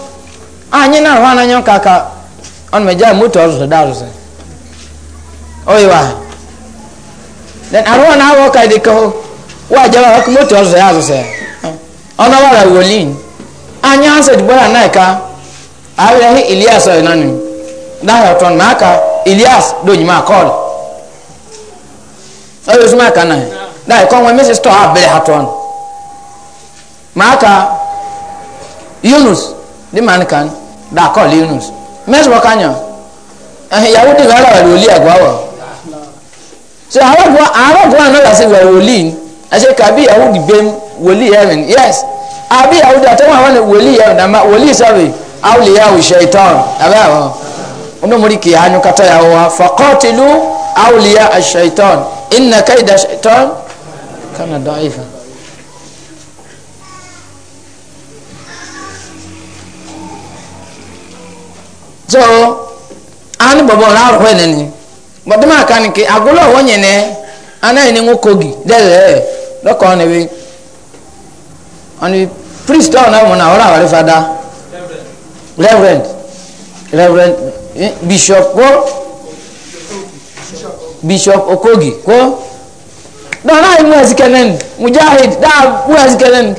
anyị na-ahụ ananya ka ọ na meja moto ọzụzụ da azụzụ oyiwa then arụọ na awọ ka dịka wa jaba ọkụ moto ọzụzụ ya azụzụ ọnụ ọbara wolin anyị asị dịbọra na ka ahịrịahị ilias ọyị nanị dahịa ọtọ na aka ilias donyima kọl ọyị osimiri aka na dahịa kọ nwe mesis tọ abịrị ha tọ ma aka yunus dị ma nkan dakɔ linus mɛsibɔ kanya ɛhɛyawo de rara wali wòlíì àgbà wà so arɔgbɔ arɔgbɔ anala se wali wòlíì ɛsɛ kabi yawo di bɛn wòlíì yɛrin yes abi yawo di atɛwɔn awon wòlíì yɛrin dama wòlíì sɛbi awuli yawo sɛitɔn abe awɔ onomori kì í anyu kata yawo wa fakɔtilu awuli ya sɛitɔn ina kaida sɛitɔn kana dɔn ifa. so ani bɔbɔ la arɔ hɔn nani bɔdɔm aka ni ke agolo wɔn nyinɛ anayi ni ŋo kogi dɛlɛ dɔkɔ ni bi ɔni priest na mu na ɔrɔ awari fada reverend reverend bishop ko bishop okogi ko dɔn na yi mu ɛsi kɛnɛ ni mujahid daa mu ɛsi kɛnɛ ni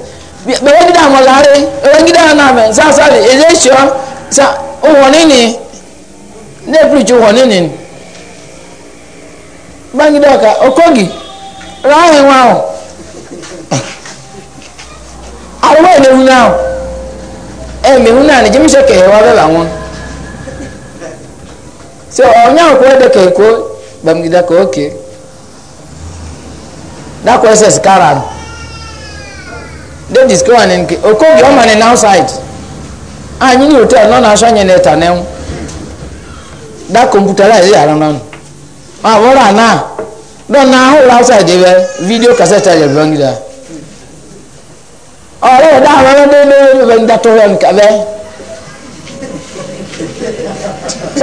bɛrɛ gidi da na bɛrɛ gidi anamɛ sasari ɛdɛ sa. ụwọ nini na-eprichi ụwọ nini gbagide ọka okogi raa ahụ nwa ahụ na ahụ emehu na njem sheke hewa so onye ahụ kwere ka oke dakwa ss karan ọ na outside anyị na hotel nọ na asụ anyị na ịta n'enwu da kọmputa ya ya ara n'ọnụ ma bụrụ ana dọ na ahụ ụlọ awụsa jebe vidiyo kasetị ya jebe ngida ọrụ ụdị ahụ ọrụ dị n'elu ebe ndị atụrụ ya nke be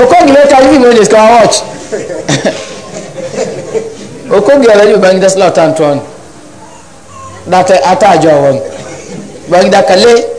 okogi ndị ibi mo ne ska watch okogi ala ni bangida slot antoine that atajo won bangida kale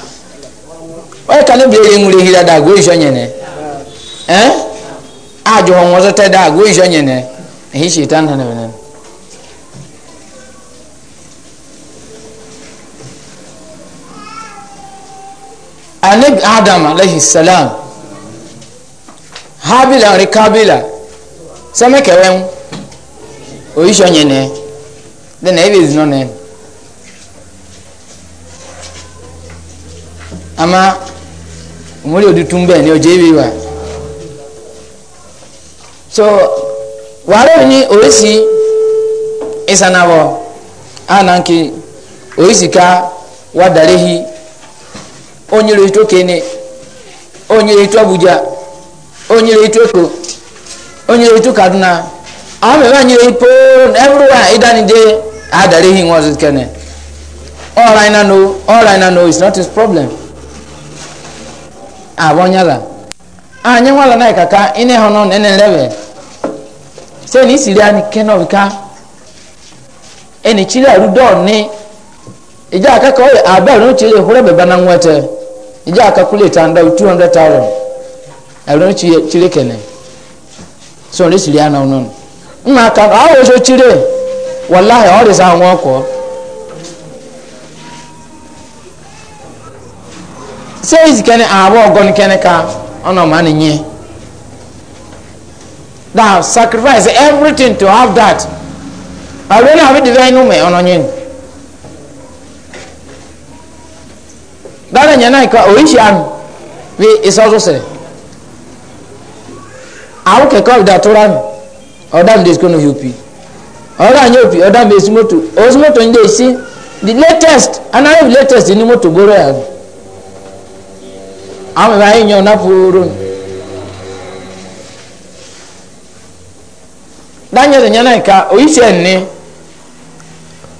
oye kane bile ye ŋure hira da go isɔ nyene ɛn a jɔhɔ ŋɔsɔ tɛ da go isɔ nyene ehi setan hana bena anabi adam alayhi salam habila ri kabila sɛmɛ kɛwɛn o isɔ nyene dɛ na ebe zinɔ ama umuri odutun bẹẹ ni ọjọ ewi wa so wàhálà ni oríṣi ìsanabọ ànànkì oríṣi ká wà dàléhi onyere tó kéne onyere tó abuja onyere tó èkó onyere tó kaduna àwọn mẹ́fà nyere pọ́n everywhere ìdánidé àdàléhi wọn ọ̀rọ̀ ìnáno ọ̀rọ̀ ìnáno is not his problem. abonyala anya ah, wala na kaka ine hono nene na se ni siria ni keno bika eni chira rudo ni ija kaka oye abe ọrụ chire hore beba na nwete ija kaka kule tanda 200000 abro chire chire kene so ni siria na unon mma ka ọrụ so chire wallahi ori sa won ọrụ. seis kene abo gon kene ka ono mani nye now sacrifice everything to have that i don't have divine ume ono nye dana nyana ka oishi an we isozo se awu ke ko da toran odan dis kono yupi odan yupi odan besimoto osimoto nde si the latest and i latest ni moto boro ya ama ba yin na furun dan yadda yana ka oyi sen ne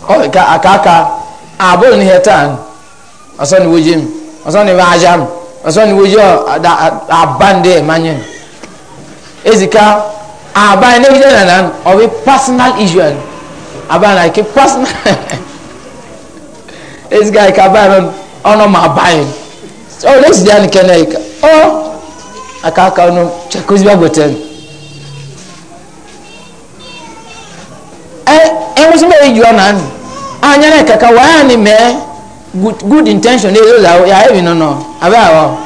o ka akaka abul ni hetan asan wujim asan ni wajam asan wujo abande manyen ezika aba ne bi na nan o bi personal issue aba na ki personal ezika e ka ba ron ono ma bayin oh lesi dani kene ika oh akaka ono chakuzi bago tena eh eh musimbe yijua nani anyana kaka wani me good, good intention dey those ya even no no abe awo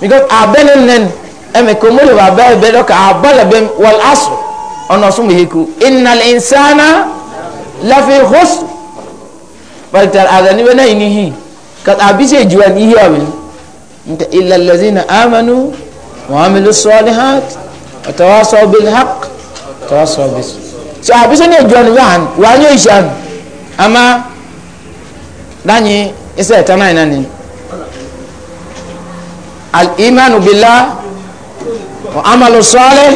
because abenen nen eme eh, komole ba ba be doka abala be wal asr ono oh, sumu hiku innal insana lafi khusr but adani na inihi kat abise juan ihi abin انت الا الذين امنوا وعملوا الصالحات وتواصوا بالحق وتواصوا بالصبر so abiso ne jɔn yan wanyo isan ama lanyi isa ɛta nan na ni al imanu bila wa amalu sɔɔle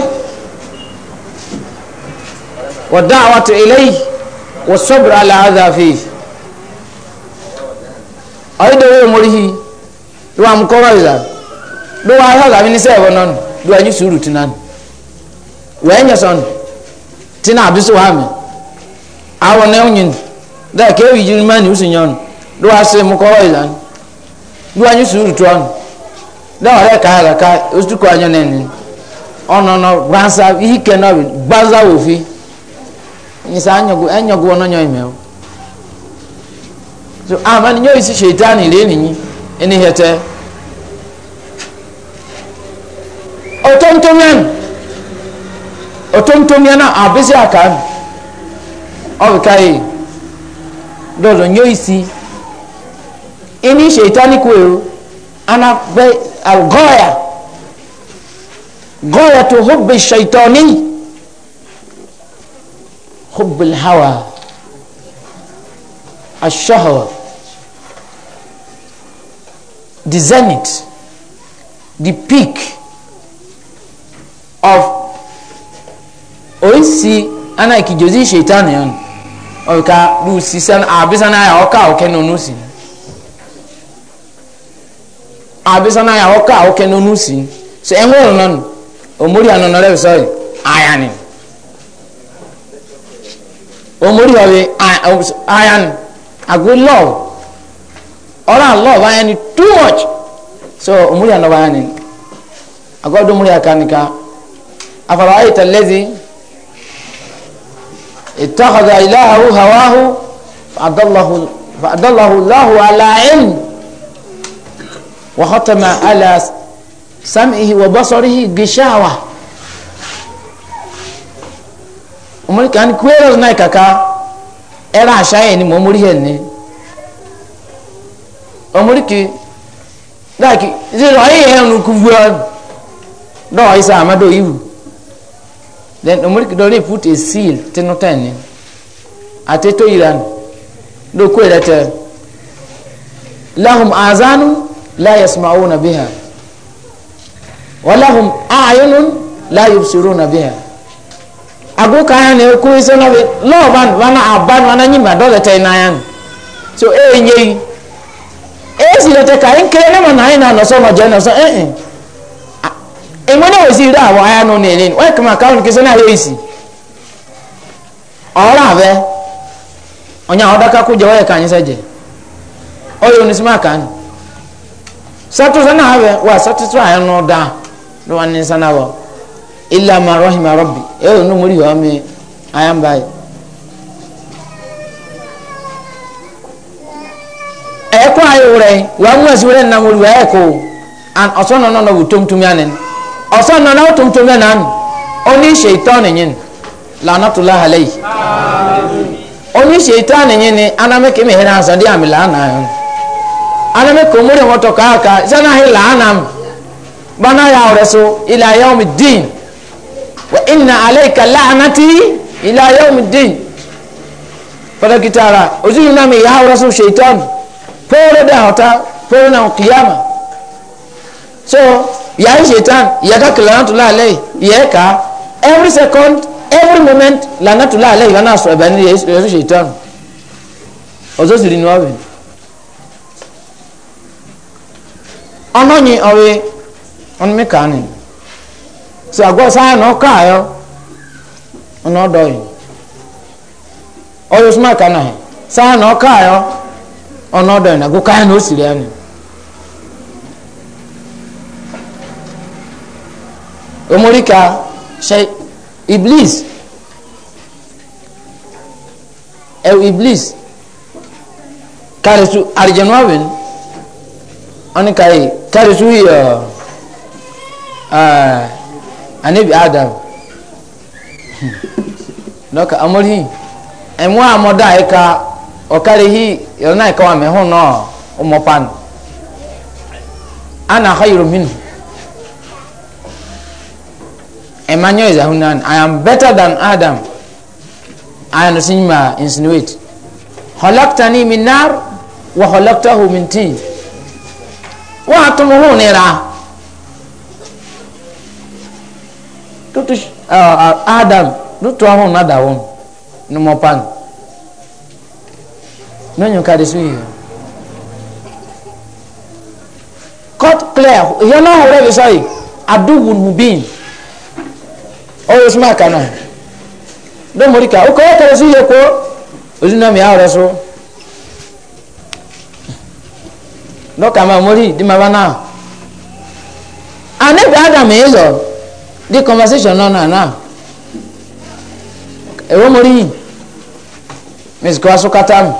wa da'awatu ilayi wa sobiri ala azafi ayi dɔw ye morihi. do wa mukɔrɔ yi la do wa ayɔ gami ni sɛ ɛwɔ nɔnu do wa nyi suru tina nu wa enye sɔnu tina adusu wa mi awɔ nɛ nyin dɛ kewi yi ma ni usu nyɔnu do wa se mukɔrɔ yi la nu do wa nyi suru tɔ nu dɛ wa lɛ kaa la kaa osu kɔ anyɔ nɛ ni ɔnɔnɔ gbansa ihi kɛ nɔbi gbansa wofi nyisa anyɔgu anyɔgu wɔnɔ nyɔ yi mɛ o so ama ni nyɔ yi si seetaani ni nyi. ini hete otomtomyan otomtomyan abisi akan obikai dodo nyo isi ini shaitani kwero ana be algoya goya to hubbi shaitani hubbi alhawa الشهوه the zenith, the peak of oisi ana ikijozi shetani yon oka bu sisan abisana ya oka oke nonusi abisana ya oka oke nonusi so enwere non omori anono rev sorry ayani omori obi ayani agwe love ọ̀rọ̀ àlọ́ ọba yẹn ni too much so òmùrì àná ọba yẹn ni agọ́dọ̀ òmùrì àkànníkà afọlọ́ ayé tẹ̀lẹ́sì ìtàkọ̀dà ìlàhàwù hàwáhù fàdọ́lọ́hù láhù aláìm wàhọ́tàmà àlà sàmìhì wàbọ́sọ̀rìhì gíṣàwà òmùrì kan kúrẹ́rọ̀ náà kàkà ẹ̀rọ àṣà yẹn ni mò ń yẹn ni omuriki daki zero ayi henu kuvua do isa amado ibu then omuriki do put a seal tinu tani ateto iran do ko ilata lahum azanu la yasmauna biha walahum ayunun la yubsiruna biha agoka ya na ekuru isono bi lo ban wana aban wana nyima do leta inayan so e eh, nyeyi esilete ka anyị nkere nema na anyị na-anọsọ ma jee nọsọ ee enwe na-ewezi ire abụọ anya nọ n'ele wee kama ka ụnụ kesa na-ahịa isi ọrụ abịa onye ahụ dọka kwụ jewe ka anyị seje oyo onye sima ka anyị satụsa na abịa wa satụsa anyị n'ụda n'ụwa nisa na abụọ ila ma rahim rabbi ee onye mmiri ya ome anya mba ya ɛkɔ ayi wurɛ wa mu asi wurɛ nam wuli wa ɛkɔ an ɔsɔ nɔnɔ na wo tomtom ya nin ɔsɔ nɔnɔ wo tomtom ya nan oni seitɔ ne nyin lanatu lahala yi oni seitɔ ne nyin ni anamɛ kemi hɛrɛ ansa di ami laana yɛ anamɛ komori wɔtɔ kaaka sani ahi laana mu bana ya wurɛ so ila yawu mi diin wa inna alayka laanati ila yawu mi diin pɔtɔ kitaara ozu yi na mi yawu wurɛ so seitɔ mu fọ́ọ̀rọ̀ dà ọ̀tá fọ́ọ̀rọ̀ náà kìyàmà so yà ń ṣètàn ìyàgá kìlọ̀ náà tó láàlẹ́ yìí yẹ ká every second every moment lànà tó láàlẹ́ yìí wọn náà sọ ẹ̀bẹ̀ ní yẹn ṣètàn ọ̀zọ́ sì rí ni wọ́n bẹ̀. ọ̀nà yìí ọ̀rẹ́ ọ̀nà mi kàn ní sọ àgọ́ sáyà náà ká ayọ́ ọ̀nà ọ̀dọ́ yìí ọ̀rẹ́ sọ́mà kan náà sáyà náà ká ayọ́ ọ̀nà ọ̀dọ̀ ìnàgó káyọ̀ ní òsì rẹ̀ ni. omorika ṣe iblis ẹ iblis karisu arijanu awin ọni kayi karisu yọ anabi adam dọka amori ẹmu amọda ẹka ọkari hi yọrọ náà kọ́ àmì hùn náà ọmọ pan ana khayru minhu emmanuel zahunan i am better than adam i am sin ma insinuate khalaqtani min nar wa khalaqtahu min tin wa atumuhu nira tutu uh, uh, adam tutu ahun nadawon numo pan nyɔnyɔ oh, ka di oh, so yi court clear yɛn náà wúrẹ́ bi sọ́yì adúgbò mubin ọ̀rọ̀ sọ́mà kanáà dọ́mọ̀rí ká ó kọ́ ọ́ kẹ́rẹ́ sí yẹ kó ojú náà mi àwòrán so lọ́kà máa mórí di náà anabi adam e yìí lọ di conversation náà náà náà ẹ̀rọ mórí yìí mrs kwasukata mi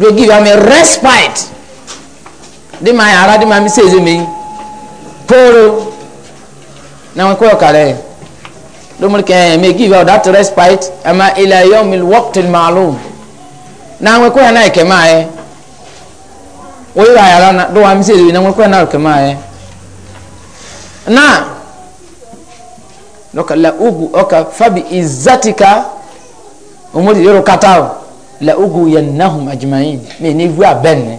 will give am a respite di ma ara di ma mi se ezumi poro na wọn kọ ọkàlẹ domori kẹ ẹ may give out that respite ama ilẹ ayọ mi work till maalum na wọn kọ ẹ náà kẹ máa yẹ wọ́n yóò ayara na do wa mi se ezumi na wọn kọ ẹ náà kẹ máa yẹ na lọkàlẹ ugu ọkà fabi izatika omori yóò kata o la ugu yẹn nahum adjumayin mi ni vu abẹ́n ni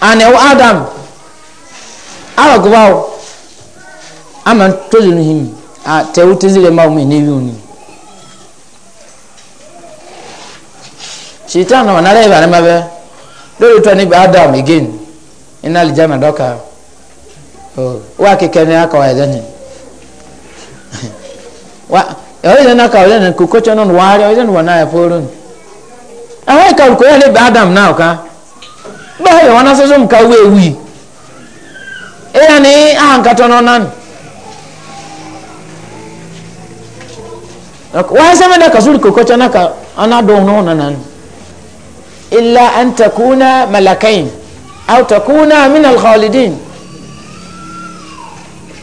ana ɛwɔ adam awa gobawo ama ntoli no him a tɛwu tezi lɛ ma wo mi ni ewi oni shitan na ɔnara ebe anima bɛ lórí tó ni adam again ina lè jama dɔka o wa keke ni akɔ ɛdɛ wa ọyọ náà kàwé náà kò kọ́tsọ́ náà wà á rí ọyọ náà wà náà yẹ fọ́ọ̀rọ̀ nù. àwọn ìka olùkọ́ yẹn lè bẹ adam náà ká báyọ̀ yẹ wọn náà sọ́sọ́ mu ká wé ewì ẹ̀yà ni ahankatọ́ náà nánu. wáyé sẹ́mi náà kàsúrù kò kọ́tsọ́ náà ká ọ̀nà dùn náà nánu. ilà antakuna malakain autakuna minal khalidin.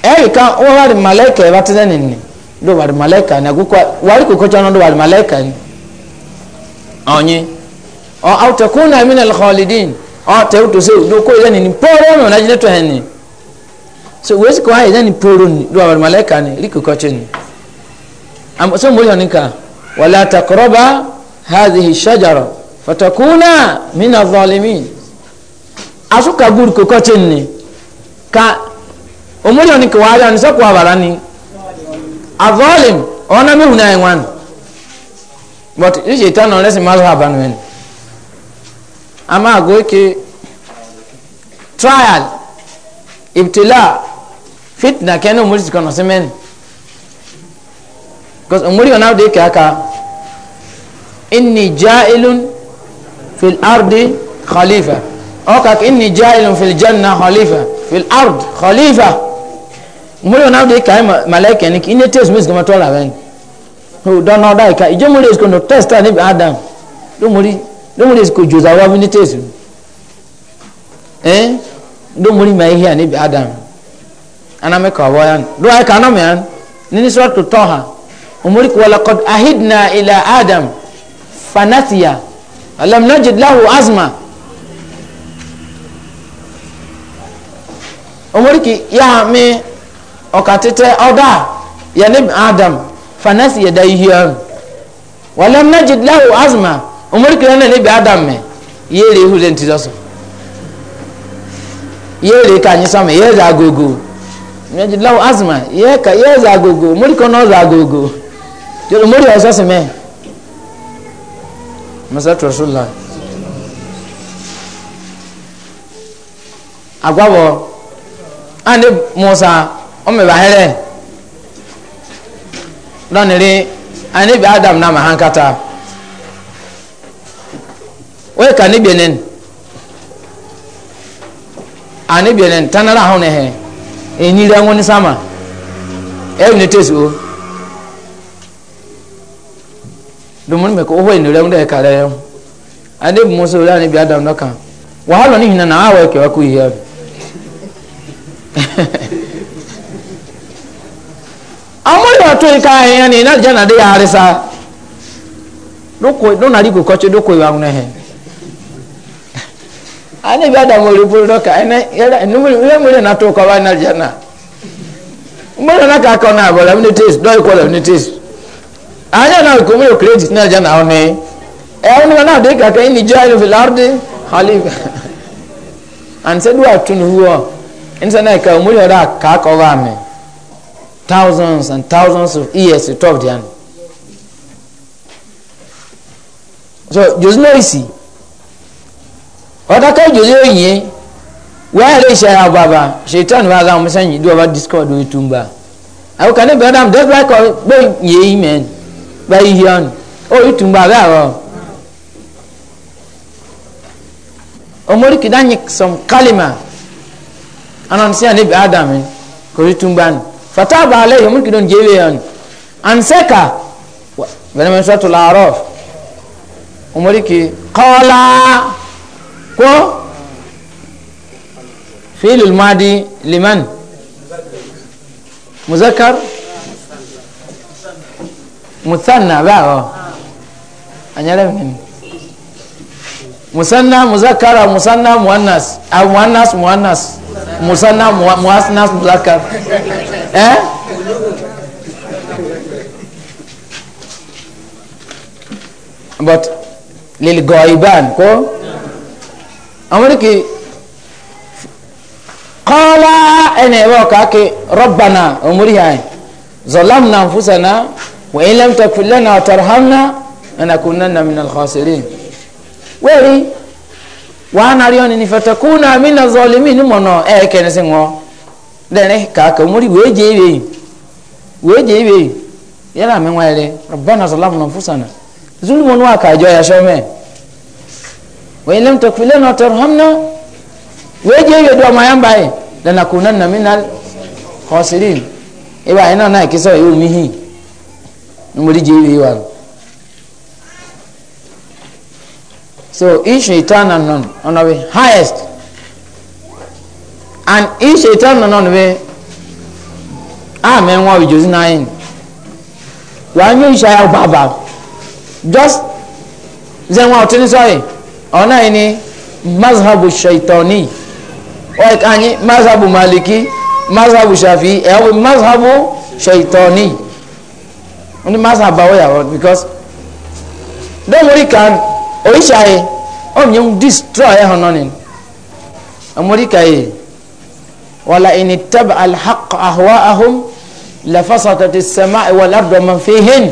ẹ̀yìká wọ́n wá rí malaka ẹ̀ bá ti dẹ́ni nìyẹn. ndo wali malaika na gukwa wali kukocha ndo wali malaika ni onye o au takuna min al khalidin o te utu se do ko yani ni poro me na jine to hani so wezi kwa hai yani poro ni ndo wali malaika ni liko ni am so mo yonika wala takroba hadhihi shajara fatakuna mina adh asuka guri kukocha ni ka omuri onika wali anisa kwa barani avọ́ọ̀lìm ọ̀nà mi hùn náà wọn but yìí ṣe tán náà lẹ́sìn máa lọ́wọ́ àbánu ẹni a máa gò ike trial ibtila fitna kẹ́ni òmùrí ti kọ́nà sí mẹ́ni because òmùrí ọ̀nà òde kàkà inni jailun fil ardi khalifa ọkà inni jailun fil janna khalifa fil ard khalifa muri na de kai malaika ni ine test mis gama tola ben ho don no dai kai je muri ko no test ani adam do muri do muri ko juza wa ni test eh do muri mai hi ani adam ana me ko boyan do ai kana me an ni ni surat toha umuri ko wala qad ahidna ila adam fanasiya alam najid lahu azma umuri ki ya me ɔkatete ɔda yɛne adam fanasi yɛda yihiam walam najid lahu azma omorikira na ne bi adam me yɛre ehu de ntiri so yɛre ka anyisa me yɛre agogo najid lahu azma yɛka yɛre agogo omorikira na ɔre agogo omori ɔsɔ se me masa tɔsola agwabɔ ane musa ɔmɛ ba hɛrɛ lɔniri anibi adam na ma hankata oye ka ni benin ani benin tanara ahun ne hɛ enyi rɛ ŋo ni sama ɛyɛ ne tesi o dumuni mɛ ko o hoye ne rɛ ŋo de ka rɛ anibi muso rɛ anibi adam dɔ kan wahala ni hinɛ na awɔ kɛwa ko yi yɛ. to yi kaa hɛn ni na jana de yaare saa do ko do na riko kɔtɔ do ko yi wa ŋuna hɛn ani bi adamu ori bolo dɔ ka ɛnɛ yɛrɛ numuri yɛrɛ mu de na to kɔba na jana mu de na ka kɔ na bɔ lamini tes dɔ yi kɔ lamini tes anya na ko mu yɛ kireti na jana awo ne ɛ ɔnu ka na de ka kɛ ɛni jɔ ayi fi lardi hali ansɛ do a tunu hu wɔ nsɛ na yi ka mu de yɛrɛ a kaa kɔba mi thousands and thousands of years to talk there. So Jose no isi. Ọ̀dọ́kẹ́ Jose oyin wẹ́ẹ̀ lè ṣe àwọn bàbà ṣètàn wà láwọn mẹ́sàn-án yìí dúwọ́ bá discord orí tumba. Àwọn kan ní Bẹ́dàm dẹ́gbẹ́ like pé yé yìí mẹ́n bá yí hàn orí túmbà bẹ́ẹ̀ rọ. Omori kìdá nyi sọm kálímà. Anansi àníbi Ádàm kò rí túmbà nù fataba alayhim mun kidon jebe yan an seka bana man suratul araf umari ki qala ko fi'l al madi liman muzakkar musanna ba anyala mimi musanna muzakkara musanna muannas au muannas muannas musanna muhasnas mulakkar ẹ. Eh? but lil gaiban ko amurki qala ana wa kake rabbana umuri hay zalamna anfusana wa in lam takfir lana wa tarhamna lanakunanna min al khasirin wari wanariyo ni nifatakuna mina zalimin mono e kene singo dene kaka muri weje ibe weje ibe yana men wale rabbana zalamna anfusana zulmun wa ka joya shome wa in lam takfir lana tarhamna weje ibe do mayamba e eh. lanakunanna minal khasirin iba ina na kiso yumi hi muri je ibe wa So each eternal on on the highest. And each eternal nun we Amen ah, wa with Josie nine. Wa nyo isha baba. Just then wa tin sorry. Ona oh, ini mazhabu shaitani. Wa kanyi mazhabu maliki, mazhabu shafi, eh, e mazhabu shaitani. Oni mazhabu ya because don't worry can oisha ye om yung destroy hononin amurika ye wala in tab al haqq ahwaahum la fasadat as samaa'i wal ardu man fihin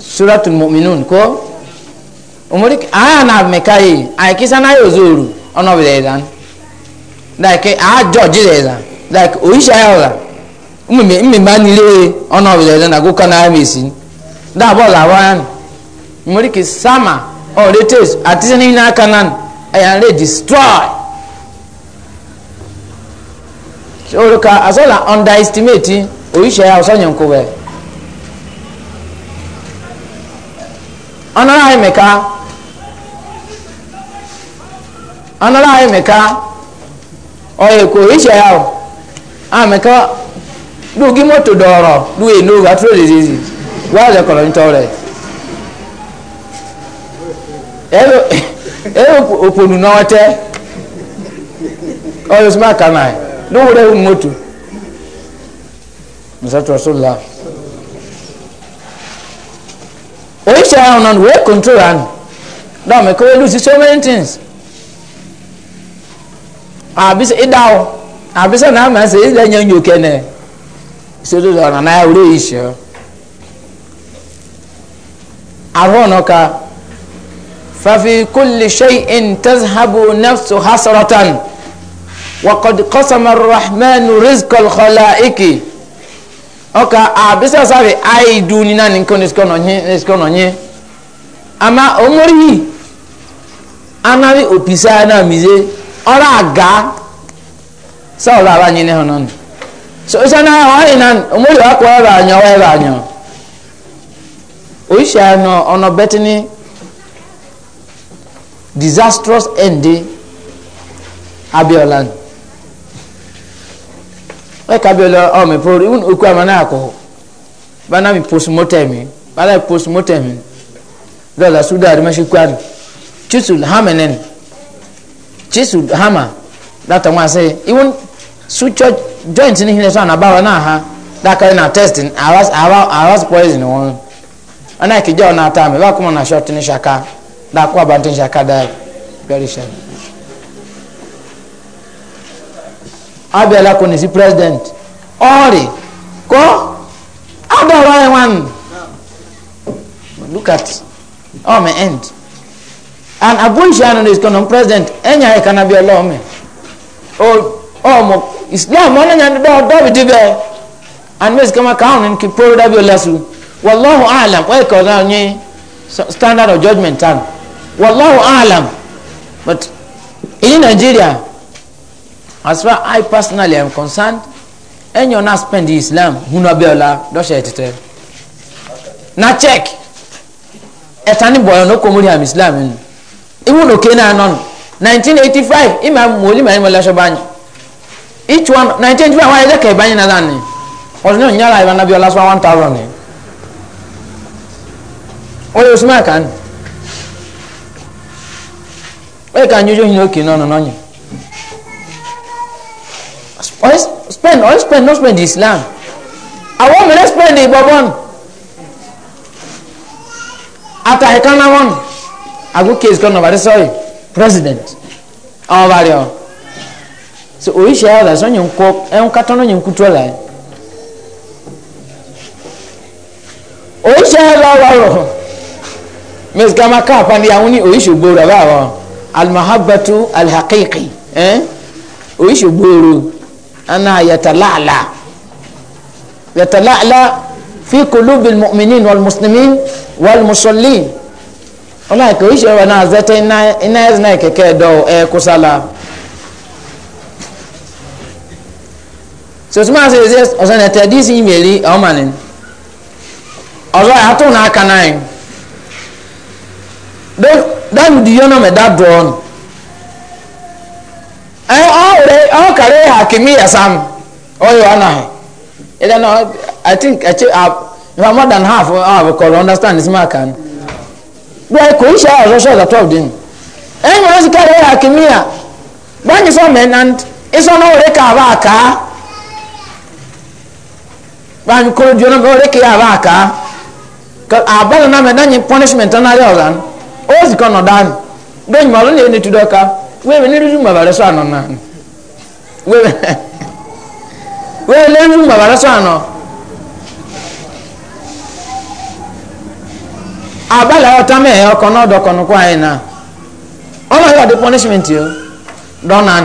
suratul mu'minun ko umurika aya na mekai ay kisana yo zuru ono biledan like a judge ledan like oisha ya mmemme mmemme a niile ọnụ ọbụla eze na agụkọ na-amesi ndị abụọ la awa ya muriki sama or it is ati sani na kanan ayan re destroy so ka uh, asola uh, underestimate oyise ya oso nyanko we anara ayi meka anara ayi meka oye ko oyise ya o a meka dugi moto doro duwe no ga tro disease wa ze kolo ntore oponu n'ọtẹ ọyọ sọ ma kà náà lówùrẹ́ ìhùn mọ́tò mùsàtò ọ̀ṣọ́lá nọ àwọn ọ̀nà wẹ́ẹ́ control and náà mẹ́kọ́ wẹ́ẹ́ lùsí so many things àbísẹ̀ ìdáwọ̀ àbísẹ̀ náà mẹ́rin sẹ́ ìdá ẹ̀yẹ́ nyòkè nẹ̀ ìṣòro ففي كل شيء تذهب نفس حسرة وقد قسم الرحمن رزق الخلائق أوكا أبسا سابي أي دوننا نكون نسكن وني نسكن وني أما أمري أنا بي أبسا أنا ميزي أرى أغا سأولا باني نهنان so sana wani nan umuri wa kwa ba nyo wa ba nyo o sha disastrous ending abiola wọ́n kà abiola ọmọ ìpòrò ìwọ̀n òkú àmàlà àkọ́ báná mi postmortem báná mi postmortem lọ́la sudan adimasi chisul hamenen chisul hama dátà wọn àṣẹ ìwọ̀n suture joint ní hinẹ na ànábàwọ̀ náà ha dákàrí na testing aras aras poison wọn ọ̀nà ìkìjẹ́ ọ̀nà àtàmì bákùmọ̀ nà short ní ṣaka. na kwa very kadai perisha abela kuni si president ori ko adara one look at oh my end and abunshan is kono president enya e kana bi olo me o o mo islam ona nya do do bi dibe and mes kama kaun ki pro da bi olasu wallahu a'lam wa ko na ni standard of judgement time wallahu alam but in nigeria as far i personally am concerned any una spend islam huna biola dọ́ṣẹ́ etite. na check ẹ̀tani bọ̀yọ̀ no okòó múlẹ̀ àmì islam nù even òkè náà nọ nù nineteen eighty five ìmọ̀ mọ̀lì mẹ́rin mọ̀lẹ́ ṣọ́ báyìí each one 1985 eighty five wáyé ẹ̀jẹ̀ kẹ̀ báyìí náà lánìí ọ̀dùn náà nyàrá ìbánu abiola sọ one thousand ni ó yẹ kan nù wey ka nyujo hin Okay, no no no nyi spend or spend not spend this land. islam àwọn to spend ìbọ̀bọ̀n àtàkánná wọn àgùkèsì kan nàbàdí sọ́ọ̀yì president àwọn bá rí ọ so oríṣi àyàwó àti sọ́yìn ńkọ ẹ̀hún kátánú yìí ń on your control. láyé oríṣi àyàwó àwọ̀ miss gamaka àpàdé àwọn ní oríṣi ògbó rẹ̀ báwọn almahabatu alhaqiqi eh? oríṣigbòòrò ana yatalala yatalala fi kulubi muminin walmuslimin walmusolin ọlọ́ọ̀kẹ́ oríṣiríṣi náà zẹ́tẹ́ iná ẹ̀sìn náà kẹ̀kẹ́ ẹ̀dọ́ ẹ̀ kúsàlà. sotuma ase ɛsɛ ɔsɛn ɛtɛ diisi yi mieli ɔma ni ɔzɔ yɛ ato na dan di yɔn na mɛ da dɔɔ no ɛn ɔwɔre ɔwɔkare hakimi yasam ɔyɛ ɔna hɛ ɛdɛ na i think ɛkyi a nfa more than half ɔwɔ uh, uh, abɛkɔrɔ understand nisima kan bɛ kò n ṣe àròsọ ìdàtọ̀ dín ɛn wọn sì kare hakimi a báyìí sọ mɛ nan isɔ náà wòle ká àbá ká báyìí kóró di yɔn na wòle ká àbá ká àbá nana mɛ nanyi punishment náà yɛ ɔlan. ozi ka ọnọdụ ahụ donyi na ọlụna enetu dọka wee wee n'eriri ma bara so anọ na wee n'eriri ma bara so anọ abalị ọta mee ọkọ n'ọdụ ọkọ n'ụkwụ anyị na ọnọdụ ọdụ punishment yo dọnan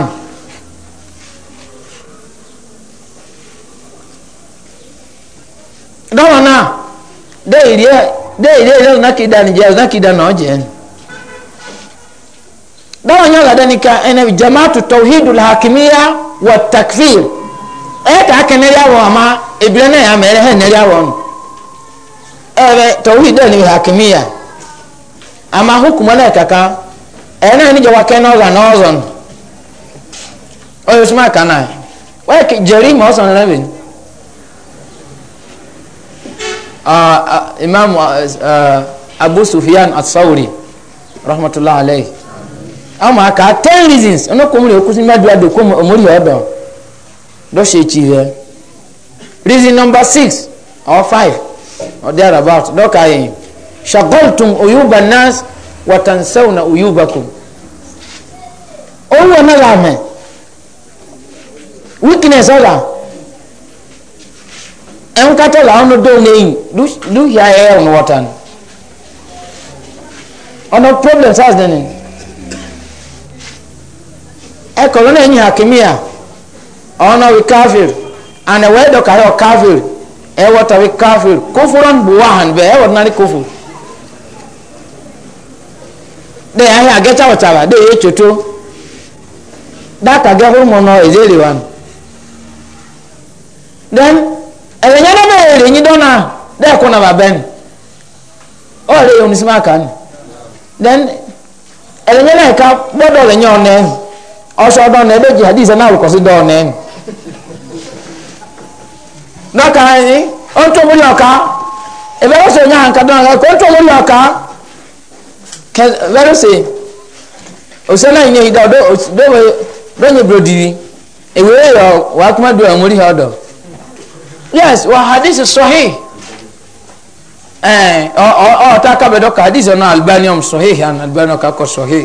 dọnan a deyirie deyirie na kida ni jẹ na kida e, e, na ọjẹ ni. dawa nyala danika ene jamaatu tauhidul hakimia wa takfir e ta kene ya wa ma ibrene ya mere he ne ya wa ebe tauhid ni hakimia ama hukumu na kaka ene ni jawa kene oza na ozo oyo sma kana wa ke jeri mo ozo na bin ah imam abu sufyan as-sauri alayhi ama aka ten reasons ɔno kɔn mu de okusi mbɛ duado kɔn mu ɔmo yɛ ɔdɔn dɔhyɛ ekyi yɛ reason number six or five or there about dɔka yɛ shagoltum oyuba nas watansaw na oyuba kum owó náà làmɛ weakness ɔla ɛnkatɛ la ɔno dɔw n'eyin lu lu yà ɛyɛ e ɔno wɔtan ɔno problems as dɛnɛ ɛkɔlɔ na enyi hakimia ɔno wi kafir ana wɛ dɔ kare ɔ kafir ɛwɔ e ta wi kafir kofuran buwahan bɛ e ɛwɔ nari kofu de ahi agɛta wɔtaba de ye toto daka gɛ hurumɔ nɔ ezeli wan then ɛlɛnyɛ dɛ bɛ ere nyi dɔna dɛ ɛkɔ na ba bɛn ɔre yɛ onisima kan then ɛlɛnyɛ e dɛ ka gbɔdɔ lɛ nyɛ ɔnɛ ọsọ dọn ebe ebeji hadis na alukọsi dọn na ẹni dọka ẹni ọtọmuli ọka ebe ọsọ onye ahụ nka dọn na ẹkọ ọtọmuli ọka kẹ vẹrẹsẹ osana yi n'eyi dọ dọwọ dọnye brodiri ewere yọ wa kuma do ọmọri ha ọdọ yes wa hadis sọhi ẹ ọ ọ ọ ta kabẹ dọka hadis na albanium sọhi ha na albanium kakọ sọhi.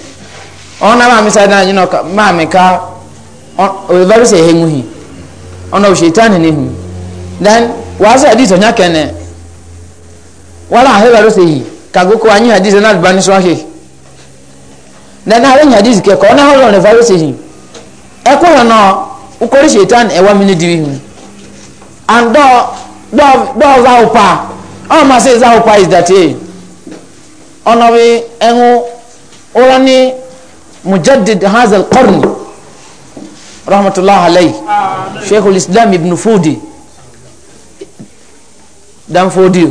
ona maami sa na nyino ka maami ka o very say he muhi ona o shaitan ne hu then wazi hadith onya kene wala ka go anyi hadith na albani so he na na re hadith na ho ne very say e ko ho no ukori shaitan e diwi and za upa ma is e, mujaddid haza alqarni rahmatullah alayhi sheikh islam ibn fudi dan fodi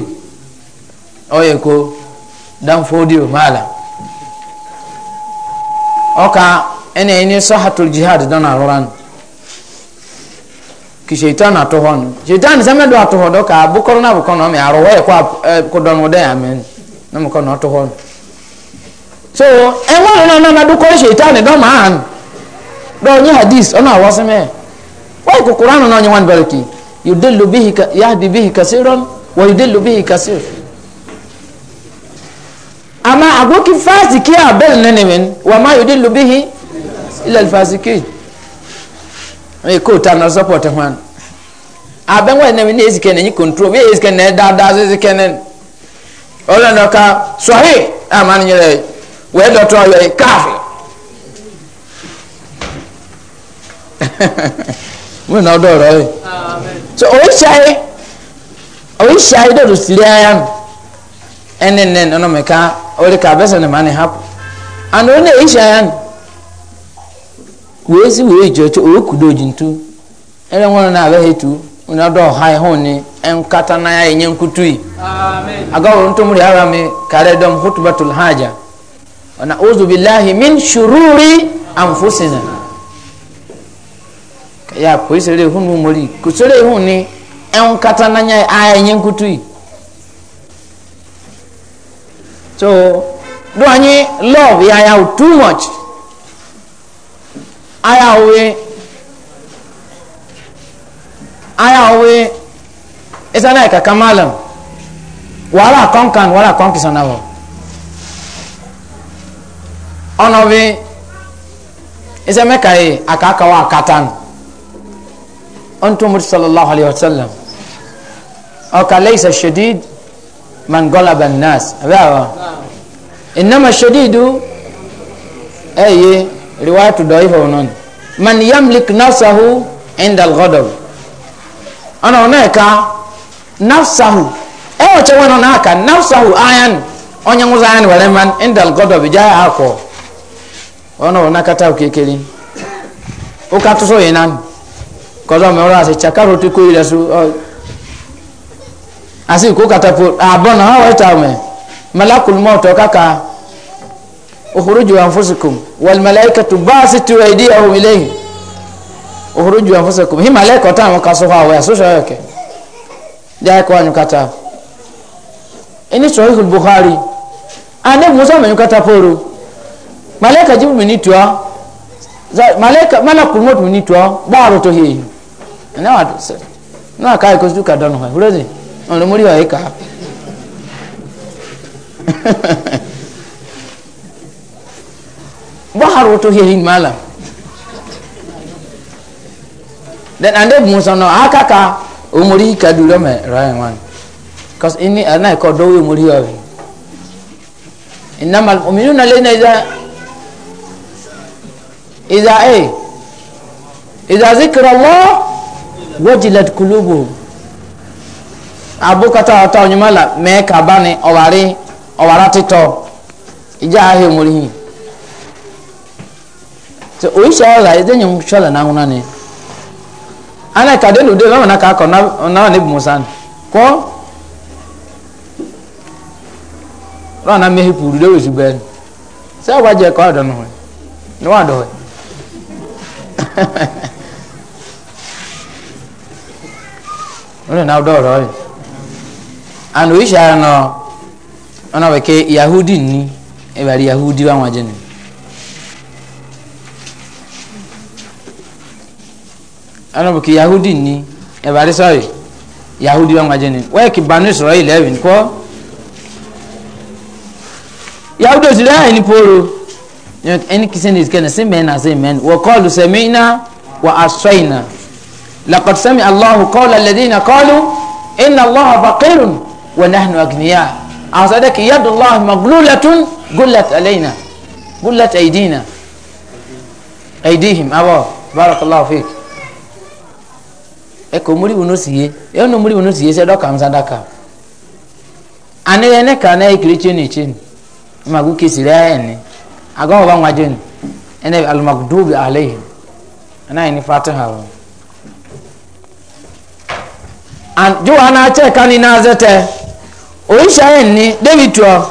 oye ko dan fodi mala oka ene ini sahatul jihad dan aroran ki shaitan atohon shaitan sama do atohon doka bukoro na bukono me aro we ko ko don wode amen na atohon so ẹwọn nínú ọ̀nà ọ̀nà dúkọ́ ṣe ìta ni dọ́mà án dọ́ ọ̀nyẹ́ hadith ọ̀nà àwọn sẹ́mẹ̀ wọ́n kò kúrò ànà ọ̀nyẹ́ wọn bẹ̀rẹ̀ kì yòdèlò bíhi yáàdì bíhi kàṣí rán wọ́n yòdèlò bíhi kàṣí. àmà àgbókì fásitì kí abẹ́rẹ́ nínú mi wà má yòdèlò bíhi ilẹ̀ fásitì kì ẹ̀ kó ta náà support wọn. abẹ́wọ̀n ẹ̀ nẹ́mi ní èsì kẹ́ni ẹ̀yìn control bí èsì kẹ́ni ẹ̀ dáadáa sí èsì kẹ́ni ọ̀rẹ́ náà ká sọ̀hí àmà nìyẹn rẹ̀ wee dọtọ yọ nkaafi wọn na ọdọ ọrọ yìí so òun ṣayé òun ṣayé dọdọ sílẹ ayá nù ẹni nẹ nínú mẹka ọrẹ ká abẹsẹ ní màá ní hapụ àná òun náà èyí ṣayá nù wèé sí wèé jọ tó òun kù dọ̀jì ntú ẹni wọn náà abẹ hẹtù wọn na ọdọ ọha ẹhún ni ẹnkata e náà ẹnyẹ nkutu yìí agawọ ntomri ara mi kàrẹ dọm hutubatul hajj ọ̀nà ozubilahi min ṣurúri ànfọ́sìnà ya kò ìṣeré ihun mú mọ́rí kò ìṣeré ihun ni ẹ̀hún kata nanya ayẹyẹ nkutu yìí so do anyi love ya ya too much aya owe aya owe isa na ikaka malam wàhálà kọ́ńkan wàhálà kọ́ńkì sanawo ọnọ bi ɛsɛ mɛ ka ye a k'a kawo a ka tan ɔn tun mutu sallallahu alaihi wa sallam ɔ ka leysa shadid man gɔlaba nas a bɛ awɔ innama shadidu ɛ e ye riwaayatu dɔ ifɔ nɔn man yamlik nafsahu indal gɔdɔb ɔnɔ ɔnɔ ka nafsahu ɛ wɔ cɛ wɔn nɔ ayan ɔnyɛ ŋusa ayan wɛrɛ man indal gɔdɔb jaa akɔ ono onakata ukekeli ukatuso yenan kozo meora ase chakaro tiku ile su asi ko katapo abona ha wata me malakul maut kaka ukhruju anfusakum wal malaikatu basitu aydiyahum ilayhi ukhruju anfusakum hi malaika tan ka so ha wa so so yake ja ko anyukata ini sahih al bukhari ane musa menyukata poru malaika jibu mini tuwa malaika mana kulmot mini tuwa daro to heyu na wa na kai ko duka don ho hurezi on lo muri wa ka bahar to heyin malam then ande musa no akaka umuri kaduro me right one cause ini ana ko do umuri yo innamal mu'minuna lena idza Iza إيه إذا ذكر الله وجلت قلوبهم abukata ata onyumala mɛɛka bani ɔwari ɔwara titɔ ija ahe murihi te oyisa ɔla ɛdɛ nyɛ musala n'ahuna ni ana kade nu de lɔn na kakɔ na na ne bumusa ni kɔ lɔn na mehi puuru de wosu bɛn sɛ wajɛ kɔ adɔ nu wa dɔ onye na udo roi. Anu isha no ona weke Yahudi ni ebali Yahudi wa wajeni. Ana weke Yahudi ni ebali sorry. Yahudi wa wajeni. Weke banu Israel evin ko. Yahudi zile ni poro. any kisin is kana sin men asin men wa qalu sami'na wa asayna laqad sami Allahu qawla alladhina qalu inna Allaha faqirun wa nahnu agniya asadak yadullahi maglulatun gullat alaina gullat aydina aydihim aba barakallahu fik e ko muri wono siye e muri wono siye se do kam sadaka ane ne kana e kirichin ni chin magu kisira ene agawo ban wajen ene almakdubi alaihim ana yi ni fatiha wa an juwa na ce kani na zete oisha yin ni david tuwa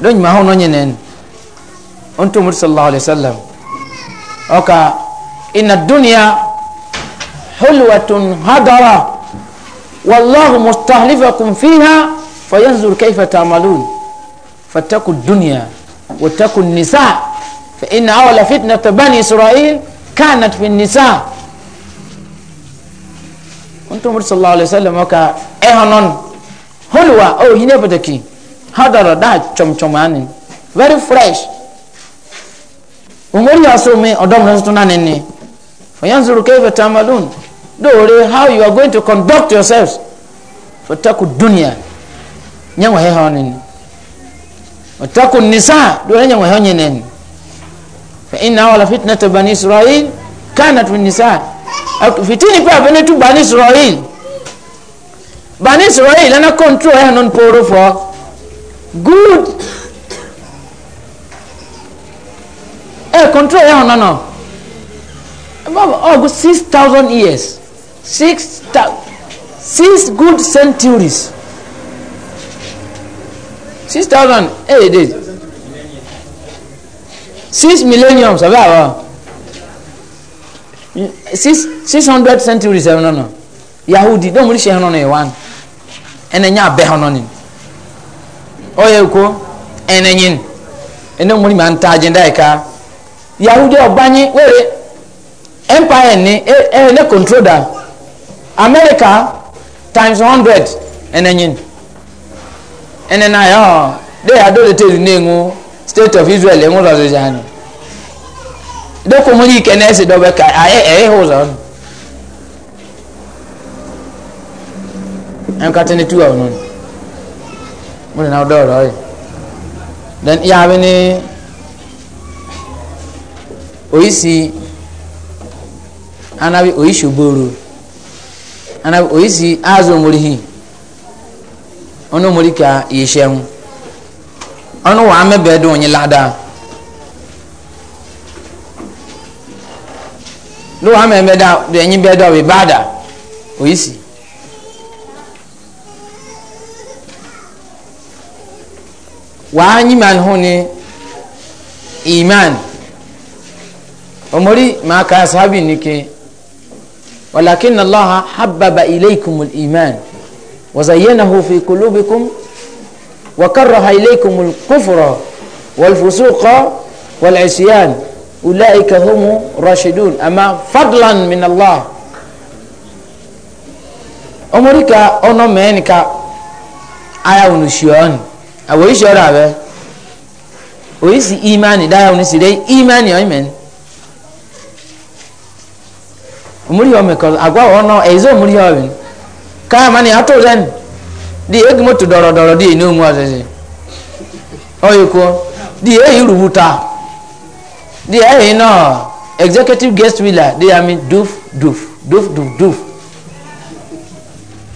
don ma hono nyene ni on to muhammad sallallahu alaihi wasallam oka inna dunya hulwatun hadara wallahu mustahlifakum fiha fayanzur kayfa ta'malun fattaqu dunya واتقوا النساء فإن أول فتنة بني إسرائيل كانت في النساء أنتم مرسل صلى الله عليه وسلم وكا إهنون هلوة أو هنا بدكي هذا ردا چم چماني very fresh umuri asumi odom nani fayanzuru kayfa tamalun dore how you are going to conduct yourselves fataku dunya nyanwa heha nini wataku nisa dorenya ngwehonye nen fa inna awala ta bani israil kana tu nisa fitini pa bani tu bani israil bani israil ana control ya non poro fo good eh control ya no no baba oh good 6000 years 6 6 good centuries six thousand eight days six millenniums àbí àwa six six hundred centuries ẹ̀rọ nọ yahudi dọ́ọ̀mù ní sẹ́yìn nọ ìwán ẹ̀nà ẹ̀yìn abẹ́ hàn nọ́ni ọ̀yẹ̀ ẹ̀kọ́ ẹ̀nà ẹ̀yìn ẹ̀nà ẹ̀mọ́ni máa ń ta ajẹ́ndá ẹ̀ka yahudi ọ̀gbányé wẹ́rẹ́ empire ni ẹ̀ ẹ̀ ẹ̀ control da america times hundred ẹ̀nà ẹ̀yìn ene na ya de ya dole tell ne ngo state of israel ngo ra so jani de mo ni kene se do be ka aye e, e ho zo en ka tene tu awon ni mo na do ro yi e. then ya be ni oyisi anabi oyisi oboro anabi oyisi azo morihi ɔno morika yɛhyɛ ho ɔno wɔ amɛbɛɛ de ɔnye lada ne wɔ amɛbɛɛ da de ɛnye bɛɛ da ɔbɛ baada oyisi waa nyima ne ho ne iman omori maa kaa sahabi nike walakin allah hababa ilaykum iman وزينه في قلوبكم وكره إليكم الكفر والفسوق والعصيان أولئك هم راشدون أما فضلا من الله أمريكا أنا مينكا أيا ونشيون أو إيش أرابه oyisi imani daya onisi de imani oimen omuri ome kɔl agwa wɔn nɔ kaa mani ato zan di egi moto dɔrɔ dɔrɔ di enu mu ɔsese ɔyɛ kɔ di eyi rubuta di eyi nɔ executive guest wheeler di ami duf duf duf duf duf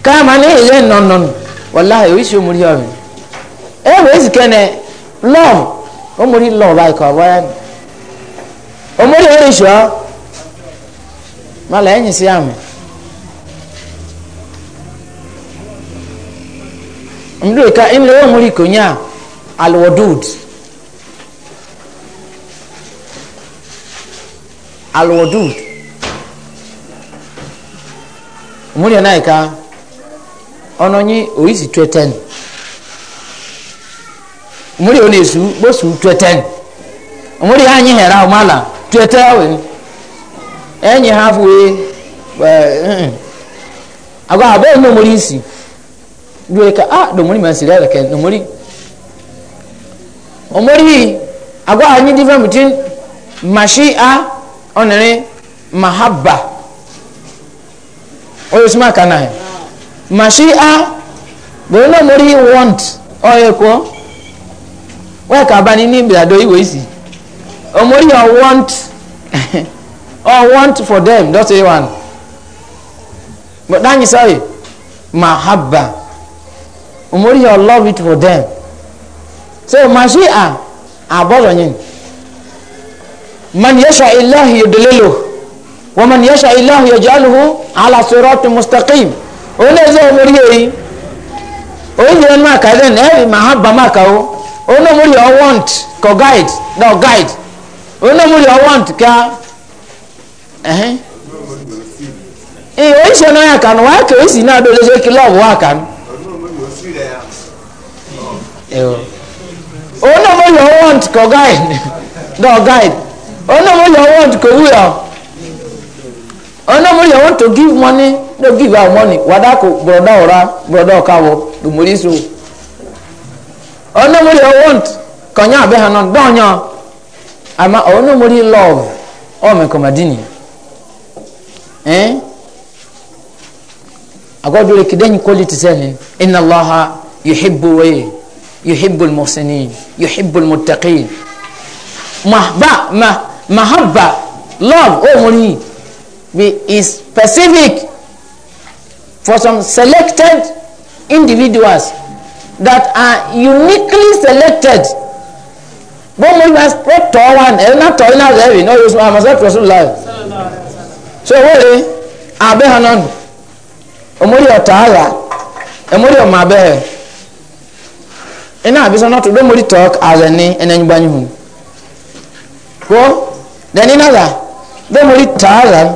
kaa mani eyi zan nɔnɔn walahi oyi si omori ɔmi ewe esi kɛnɛ love omori love ayi kɔ ɔbɔya ni omori ori sɔ mala enyi si ami. mdu ka imle wo muri konya alwadud alwadud muri anaika ononyi oisi tweten muri onesu bosu tweten muri anyị hera mala twetawe enyi halfway eh, eh, eh. agwa abe no isi dole ka ah do mori man sira da kai do mori o mori agwa anyi different between mashi'a onere mahabba o yusma kana he mashi'a bo no mori want o ye ko we ka ba ni ni bi ado iwe isi o mori o want o want for them that's a one but dan you say mahabba umori your love it for them so mashi a abọ́dọ̀ yẹn man yasha ilahi yudlilu wa man yasha ilahi yajaluhu ala sirati mustaqim ole zo umori yi oyin yẹn ma ka den ẹbi ma ha ba ma ka o ono umori your want ko guide no guide ono umori your want ka ẹhẹn ìyẹn oyin ṣe náà yà kànú wáyà kẹwìsì náà dọ̀lẹ́sẹ̀ kí lọ́ọ̀bù wà kànú. òun mo want kọ guide dọ guide òun mo want kọ wúyọ òun náà mo yọ want to give money no give out money wàdà kò bùrọ̀dá ọ̀rá bùrọ̀dá ọ̀kàwọ̀ lùmùrí so òun náà mo yọ want kọ̀nyá àbẹ́ hàn náà dọ̀nyá àmà òun náà o rí love ọ̀mẹ̀ kọ̀mọ̀dínì ẹ̀ àgọ́dúró quality sẹ́ni iná يحب المحسنين يحب المتقين محبة ma mahabba love omori oh, be is specific for some selected individuals that are uniquely selected bọ́n mo yíwa pé tọ́ wa ẹ̀rínà tọ́ iná rẹ̀rì náà yóò sọ àmọ́ sọ́ọ́ tọ́sùn láì so wọ́ọ̀rẹ́ abẹ́hàn náà omori ọ̀tá àyà omori ọ̀mọ abẹ́hẹ̀ ina abisa not don mori talk as any enenyi banyu hu ko then ina da don mori taza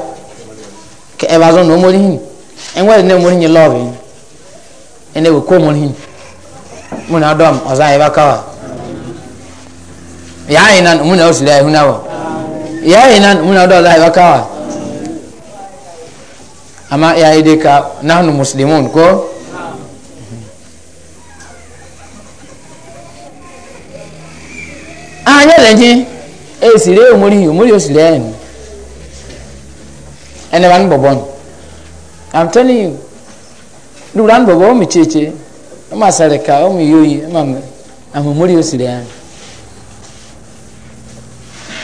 ke ebazo no mori hin en wa ne mori ni love hin ene we ko mori hin mun adam oza e bakawa ya ina mun na osile hu na wo ya ina mun na oza e bakawa ama ya ide ka nahnu muslimun ko nyi esi re omori omori osi re en ene wan bobon i'm telling you du ran bobo o mi cheche o ma sare ka o mi yoyi ma am omori osi re en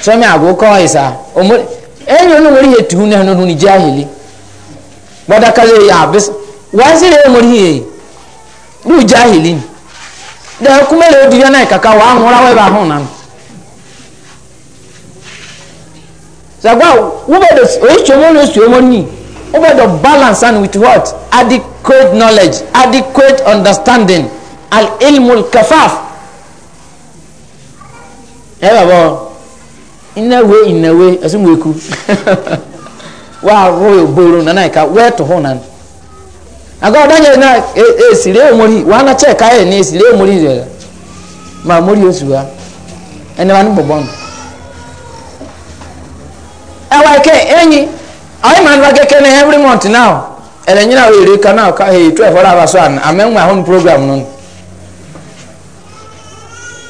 so mi ago ko isa omori enyo no mori yetu ne no ni jahili boda kale ya bis wasi re omori ye du jahili da kuma le odiya sagwa wo bɛ dɔ o ye sɔmɔ ni wo bɛ dɔ balance and with what adequate knowledge adequate understanding al ilmul kafaf ɛ bɛ bɔ inawe inawe ɛsɛ mo eku wa royo boro nana yi ka wɛɛ to hɔ nan aga ɔda nyɛ na e esire omori wa ana kyɛ ka yɛ ne esire omori zɛ ma mori osuwa ɛnɛ wa ne bɔbɔ ɛwɔ ke enyi ayi ma keke ne every month now ɛlɛ o yɛrɛ ka now ka hey twelve ɔra aba so program no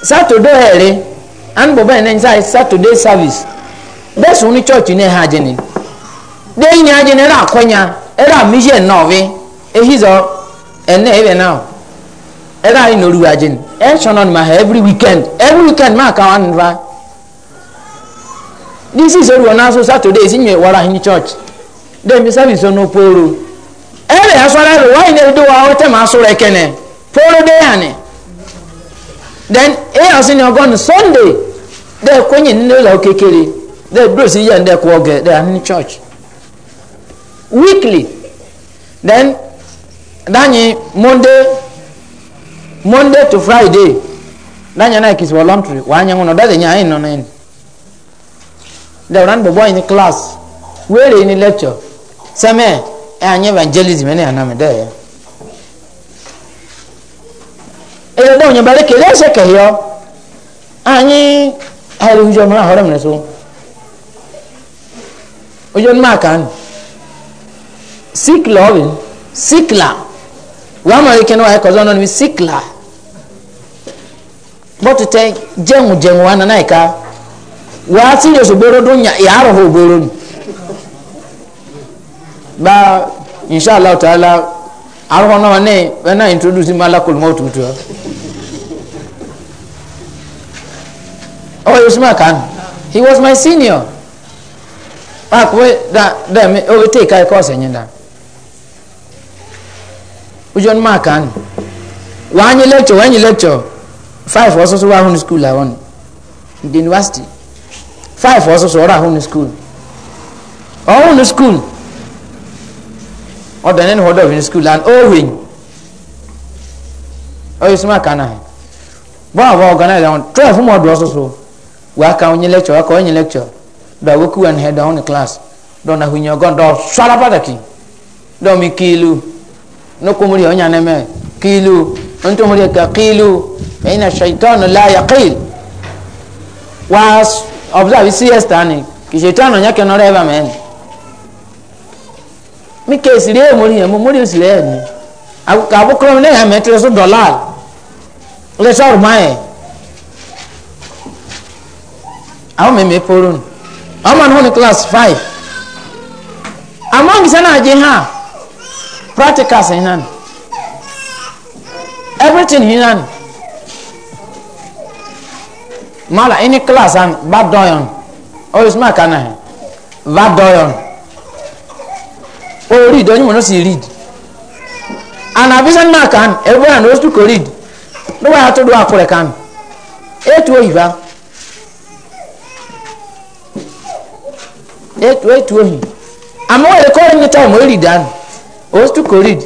saturday ɛrɛ an bɛyɛ ne nsa saturday service desu sɔn church ne ha de yi ha akɔnya ɛrɛ amisɛ ehi zɔ ɛnɛ ɛbɛ now ayi n'olu nɔ ma ha weekend weekend maa ka this is oru ona so saturday is nye wara hin church dem be service no poro ere asara ro why ne do wa o te ma so re kene poro de then e asin ni ogon sunday de ko nyin ne lo kekere de bro si yan de ko ge de hin church weekly then danyi eh, monday monday to friday danyi na kisi wa laundry wa anyangu no dade nya hin no na dawran bobo in class were in lecture same eh, and evangelism any anam there ele do nyo bare kele se ke yo anyi hari ujo mra horam ne so ujo ma kan sick loving sick la wa ma ke no ha ko zono ni sick la but te jengu jengu ana naika waa sire su gboro don ya yaaro ho gboro ni ba insha allah taala arko na ne na introduce malakul maut mutu oh yusma kan he was my senior back we da da me o te kai ko se nyinda ujon ma kan wanyi lecture wanyi lecture five was also wa hun school i won the university five ọ̀sọ̀ sọ̀rọ̀ ahọ́n ní school ọ̀hún ní school ọ̀dọ̀ ní ọ̀dọ̀ ní school oh, and owen ọ̀yọ̀ sí máa kànáà bọ́n àwọn organize àwọn twelve fún ọ̀dọ̀ ọ̀sọ̀ sọ wàá ka onye lecture wàá ka onye lecture dọ̀ wọ́n kú ẹni ẹ̀dọ̀ ọ̀hún ní class dọ̀ nà hùnyẹ̀ ọ̀gọ́n dọ̀ sọ́lá pàtàkì dọ̀ mi kílù nukumuri ọ̀nyà nẹ́mẹ̀ kílù ntumuri ẹ̀ka kílù ẹ̀yin na ṣèitọ́nù láyà kíl wàá sọ observe cs tani kìsètò ànànyà kẹ́nu ọ̀rẹ́ bá mẹ́rin mi kéésì rí èèmọ̀ yẹn mo mórí òsì rẹ̀ ni àbúkọ́ mi lẹ́yìn àmì ẹ̀tẹ́rẹ́ sọ dọ̀là lẹ́sọ̀ ọ̀rùn máa yẹn àwọn mẹ̀mẹ́ poro nù ọmọ ní wọn ní class five àmọ́ nkìsẹ́ náà jẹ́ hàn practicals yìí náà everything yìí náà. mala ini class an badoyon o oh, is mark an eh badoyon o oh, read only no see read and abisan mark an everyone knows to read no way to do akure kan etu oyiba etu etu oyi amma wele ko ni time o read eh, an o to read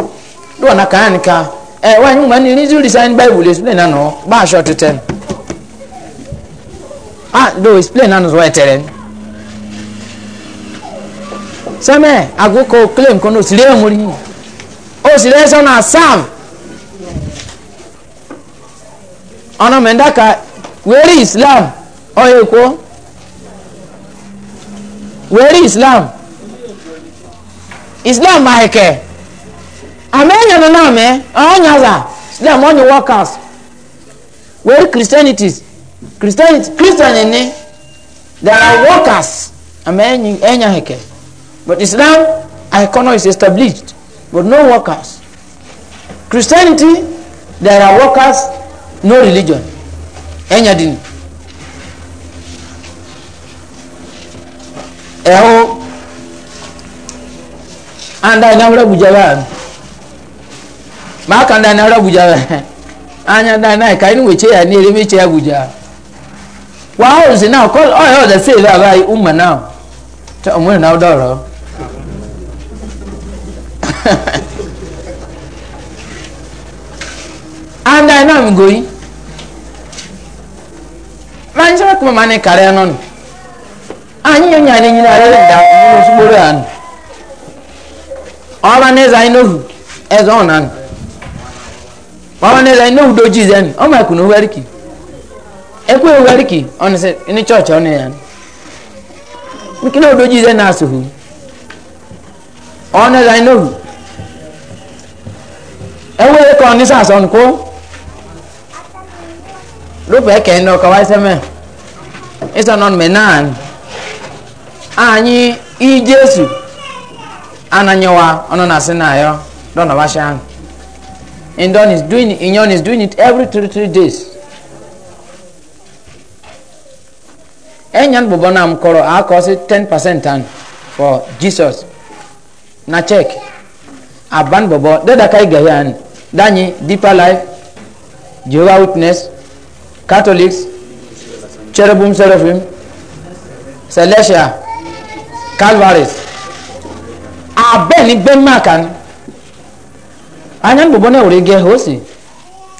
do na kan ka eh wa nyu man ni read resign bible explain na no ba short 10 ah do explain na nso ɛtɛrɛ sɛmɛ agoko claim kɔnɔ osire emuri osire sɔ na sam ɔnà mɛndaka wɛri islam ɔyɛ ko wɛri islam islam ahɛkɛ amɛnyɛ no na amɛ ɔnyaza islam ɔnyɛ workers wɛri christianities. Christianity Christian ni there are workers ama enya heke but Islam economy is established but no workers Christianity there are workers no religion enya dini ẹ̀hó anda inawura bujaba kanda anda inawura bujaba anya anda na ka ni weche ya ni ele meche ya wa ayo si now call oyo ọdẹ sí ìlú àbáyé umma now tí ọmọ ìrìn náà dọ̀rọ̀ and i know i'm going ma n sọ́kùnmọ́ ma ní kàrẹ́ náà nù anyị nyere anyị nyere anyị da n'ụlọ osigboro anyị ọba n'eze anyị n'ohu eze ọ na anyị ọba n'eze anyị n'ohu dojize anyị ọ ma ekwu na uwe rikiri ekwe weriki on se church on yan mikino odo jize na asuhu on la no ewe ko ni sa son ko lo pe ke no ka wa me isa non me nan anyi i jesu na na yo na wa shan is doing inyon is doing it every enyan bobo nam koro a si 10% an for jesus na check aban bobo deda kai gayan danyi deeper life jehovah witness catholics cherubim seraphim celestia calvaries abẹ ni gbẹmọ kan anyan bobo náà wòle gẹ hosi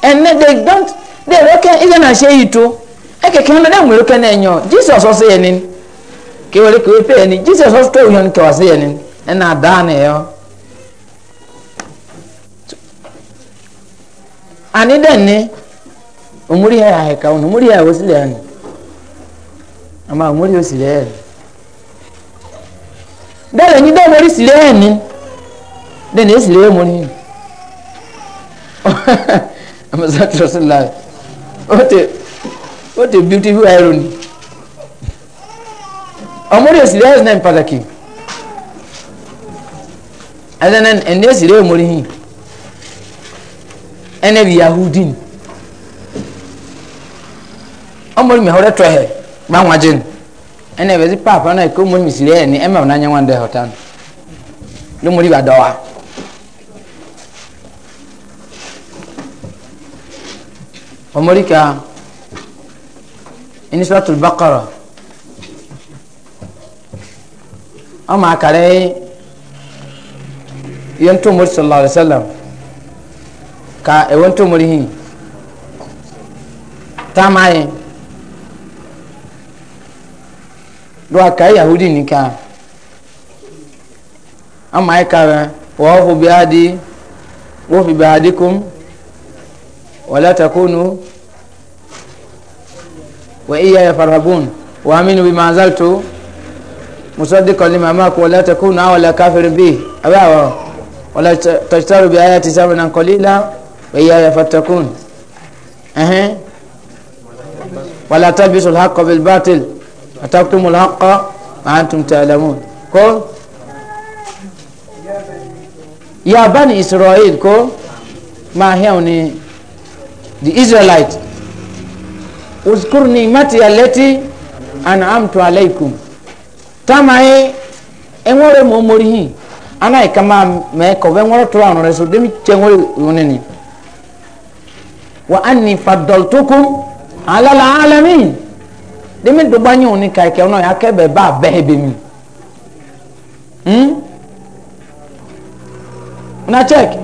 and they don't they reckon even na ṣe yìí tó ekeke ndo ne mwiro kene nyo jesus ose yenin ke wole ke pe ni jesus ose ke yon ke wase yenin ena dane yo ani denne umuri ya heka un umuri ya wasile yani ama umuri wasile yani dale ni do mori sile yani dene sile mori ama zat ote what a beautiful irony ọmọdé òsìlẹ̀ ẹ̀sìn náà pàtàkì ẹ̀sìn náà ẹ̀ndé òsìlẹ̀ ọmọdé yìí ẹ̀nẹ́ bí yahudin ọmọdé mi ọ̀rẹ́ tọ́ ẹ̀ gbáwọn ajé ẹ̀nẹ́ bẹ̀sí pàpà náà kó ọmọdé mi sílẹ̀ ẹ̀ ní ẹ̀mẹ́ ọ̀nà anyẹ́ wọn dẹ̀ ọ̀tá lọ́mọdé bá dọ́wà. ọmọdé kan. ní sọ́tù bọ́kọ̀rọ̀ ọmọ àkàrẹ́ yẹn tó mọ́rí sọ̀lá rẹ̀ sọ́lá ka ẹ̀wọ́n tó mọ́rí hìn támáyé ló àkàrẹ́ yahudi nìka ọmọ àkàrẹ́ e wọ́n fò bí adi wọ́n fi bí adi kún وإياي فارهبون وآمنوا بما أنزلت مصدقا لما معكم ولا تكونوا ولا كافر به أبا ولا تشتروا بآياتي ثمنا قليلا وإياي فاتقون أه. ولا تلبسوا الحق بالباطل وتكتموا الحق وأنتم تعلمون كو يا بني إسرائيل كو ما هي the Israelites uzkur ni'mati allati an'amtu alaykum tamaye enwore mo morihi ana ikama me ko be nworo to anu reso demi chenwore uneni wa anni faddaltukum ala alalamin demi do banyi oni kai ke ono akebe ba be be mi hmm una check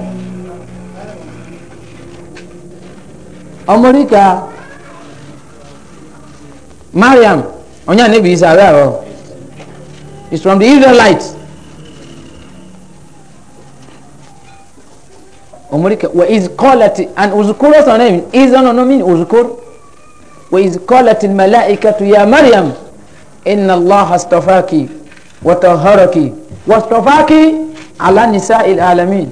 amorika Mariam onye anabi isa awia ọ is from the Israelites. Omurike wa is called and uzukuru sa name is no no mean uzukur wa is called al malaikatu ya Maryam inna Allah astafaki wa tahharaki wa astafaki ala nisa'il alamin.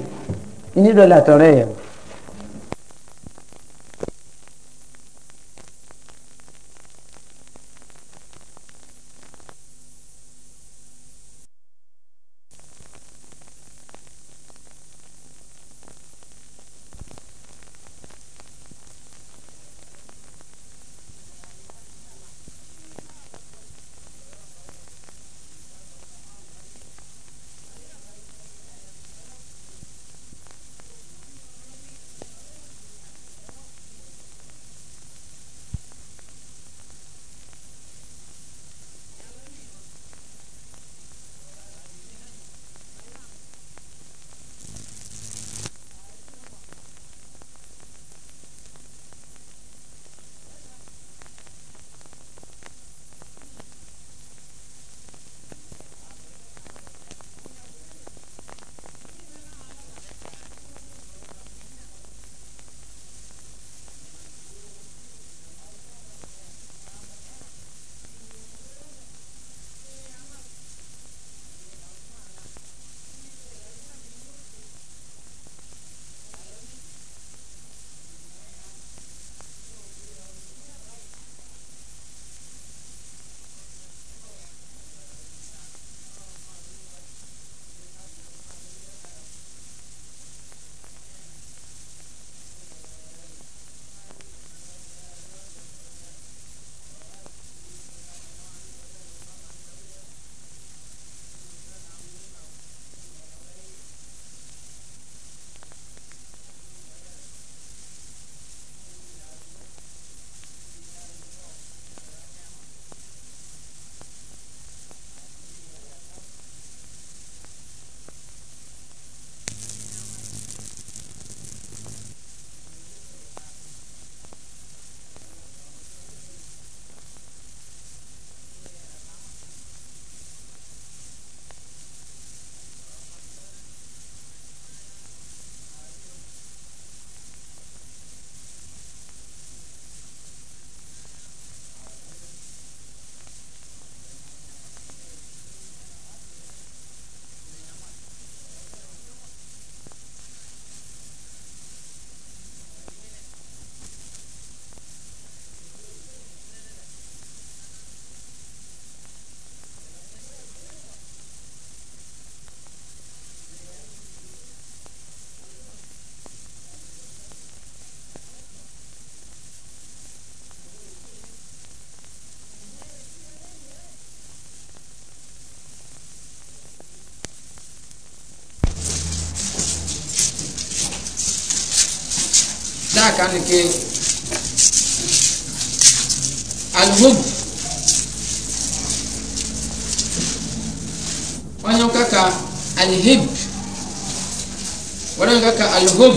Ini dola tareya. aka ni ke alhub wanyo kaka alhib wanyo kaka alhub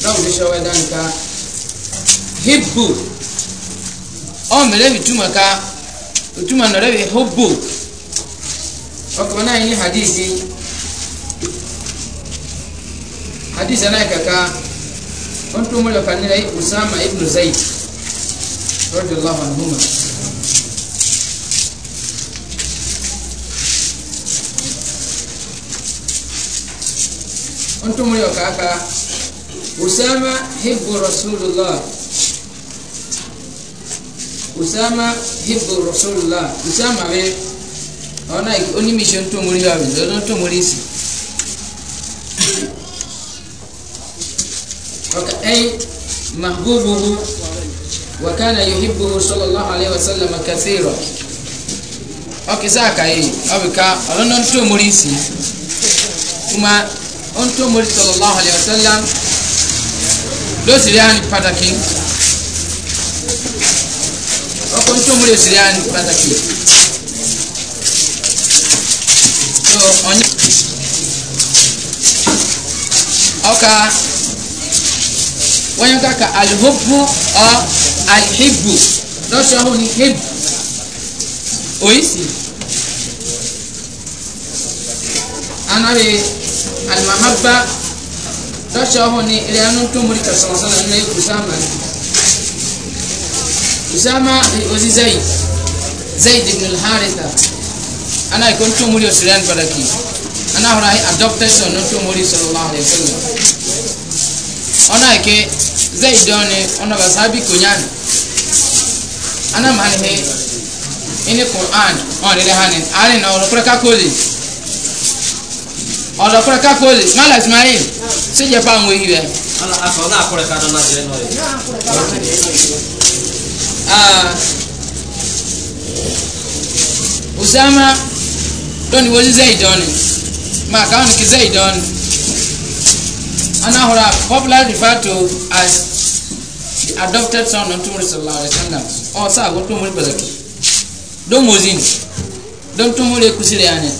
lọ́wọ́ bí sọ́wọ́ ẹ̀dá nìka hibbu ọmọ rẹ̀ bi túmọ̀ ká túmọ̀ nọ̀ rẹ̀ bi hubbu ọkọ̀ náà yìí hadithi. hadisi mtu mmoja kanila hii usama ibn zaid radhiallahu anhu mtu mmoja kaka usama hibu rasulullah usama hibu rasulullah usama we ona ikoni mission to muri wa bizo to muri si محبوبه وكان يحبه صلى الله عليه وسلم كثيرا ọkìsáàkà yìí ọbìkà ọlọ́nà ń tó mórí sí kuma ó ń tó mórí sallallahu alayhi wa sallam ló sì rí àní pàtàkì ọkọ̀ ń tó mórí sì àní pàtàkì ọkà wọ́n yẹn kàkà alihopu ọ alihibu lọ́sọ̀ ọ̀hún ni hebu oyisi anabi alimamaba lọ́sọ̀ ọ̀hún ni ilẹ̀ ẹnu tó múri kàṣọ̀mọ̀sán náà ní usama usama ozi zayi zayi dignul harita ana ikon tó múri osirian padà kì ana ahọ́ra adọ́pẹ́sọ̀ ní tó múri sọ̀rọ̀ wàhálà ìfẹ́ ona ke zaidone ona basabi kunyana ana mani he ini qur'an on ile hanin ani na olokura kakoli olokura kakoli mala ismail sije pangwe hibe ala afa na akore kana na zeno ah usama doni wozi zaidone ma kauni ki zaidone Anahura, popularly referred to as adopted son of Tumri Sallallahu Alaihi Wasallam. Or oh, Sa, go Tumri Balaki. Don't Muzin. Don't Tumri Kusile Ane.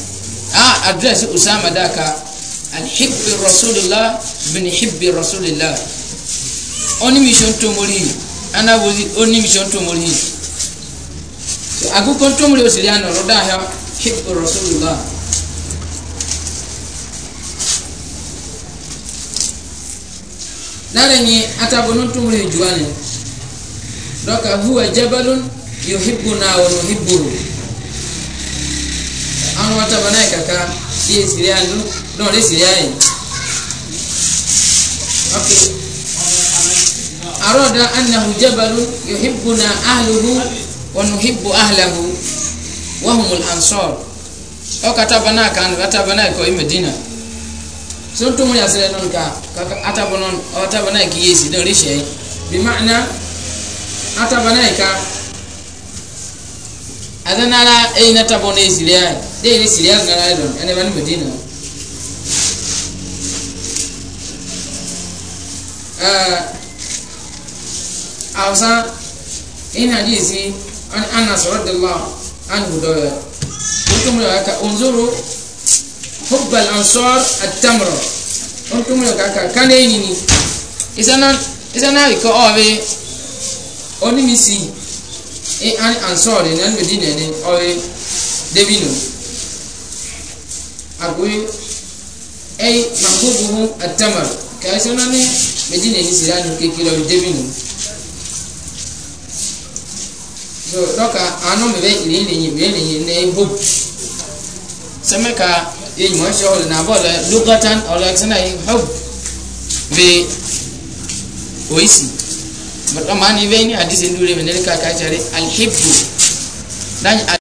Ah, address Usama Daka. And Hibbi Rasulullah bin Hibbi Rasulullah. Only mission Tumri. Ana Wuzi, only mission Tumri. So, Agu Tumri Osiliano, Rodaha, Hibbi Rasulullah. narenye atabonu tumuri juane doka huwa jabalun yuhibbuna wa nuhibbuhu an wata bana kaka siye siriya ndu don le siriya yi okay arada annahu jabalun yuhibbuna ahluhu wa nuhibbu ahlahu wa humul ansar o katabana kan katabana ko medina sun tumu ya sere non ka kaka atabo non o atabo na ki yesi don rishe bi ma'ana atabo na ka adana la e na tabo na isiriya de ni siriya na la don ene ban medina eh awsa ina jisi an anas radiyallahu anhu do ya ya ka unzuru hubbal ansar atamro on tumu yo kaka kane nini isana isana ko owe oni misi e an ansar ni an medina ni owe debino agwe ay mahbubuhum atamar ka isana ni medina ni sirani kekilo debino so doka ano mebe ile ile nyi mele nyi ne hope semeka yìí mọ̀ ṣe ọ̀lẹ̀ nàbọ̀ lẹ lókọ́tán ọ̀lẹ́kṣẹ́nà yìí hẹ́wù bẹ òyìsì ni máa ni bẹ́ẹ̀ ní àdìsẹ́ ndúrẹ́ mẹ́lẹ́ká kájàre alhibdu dáhùn.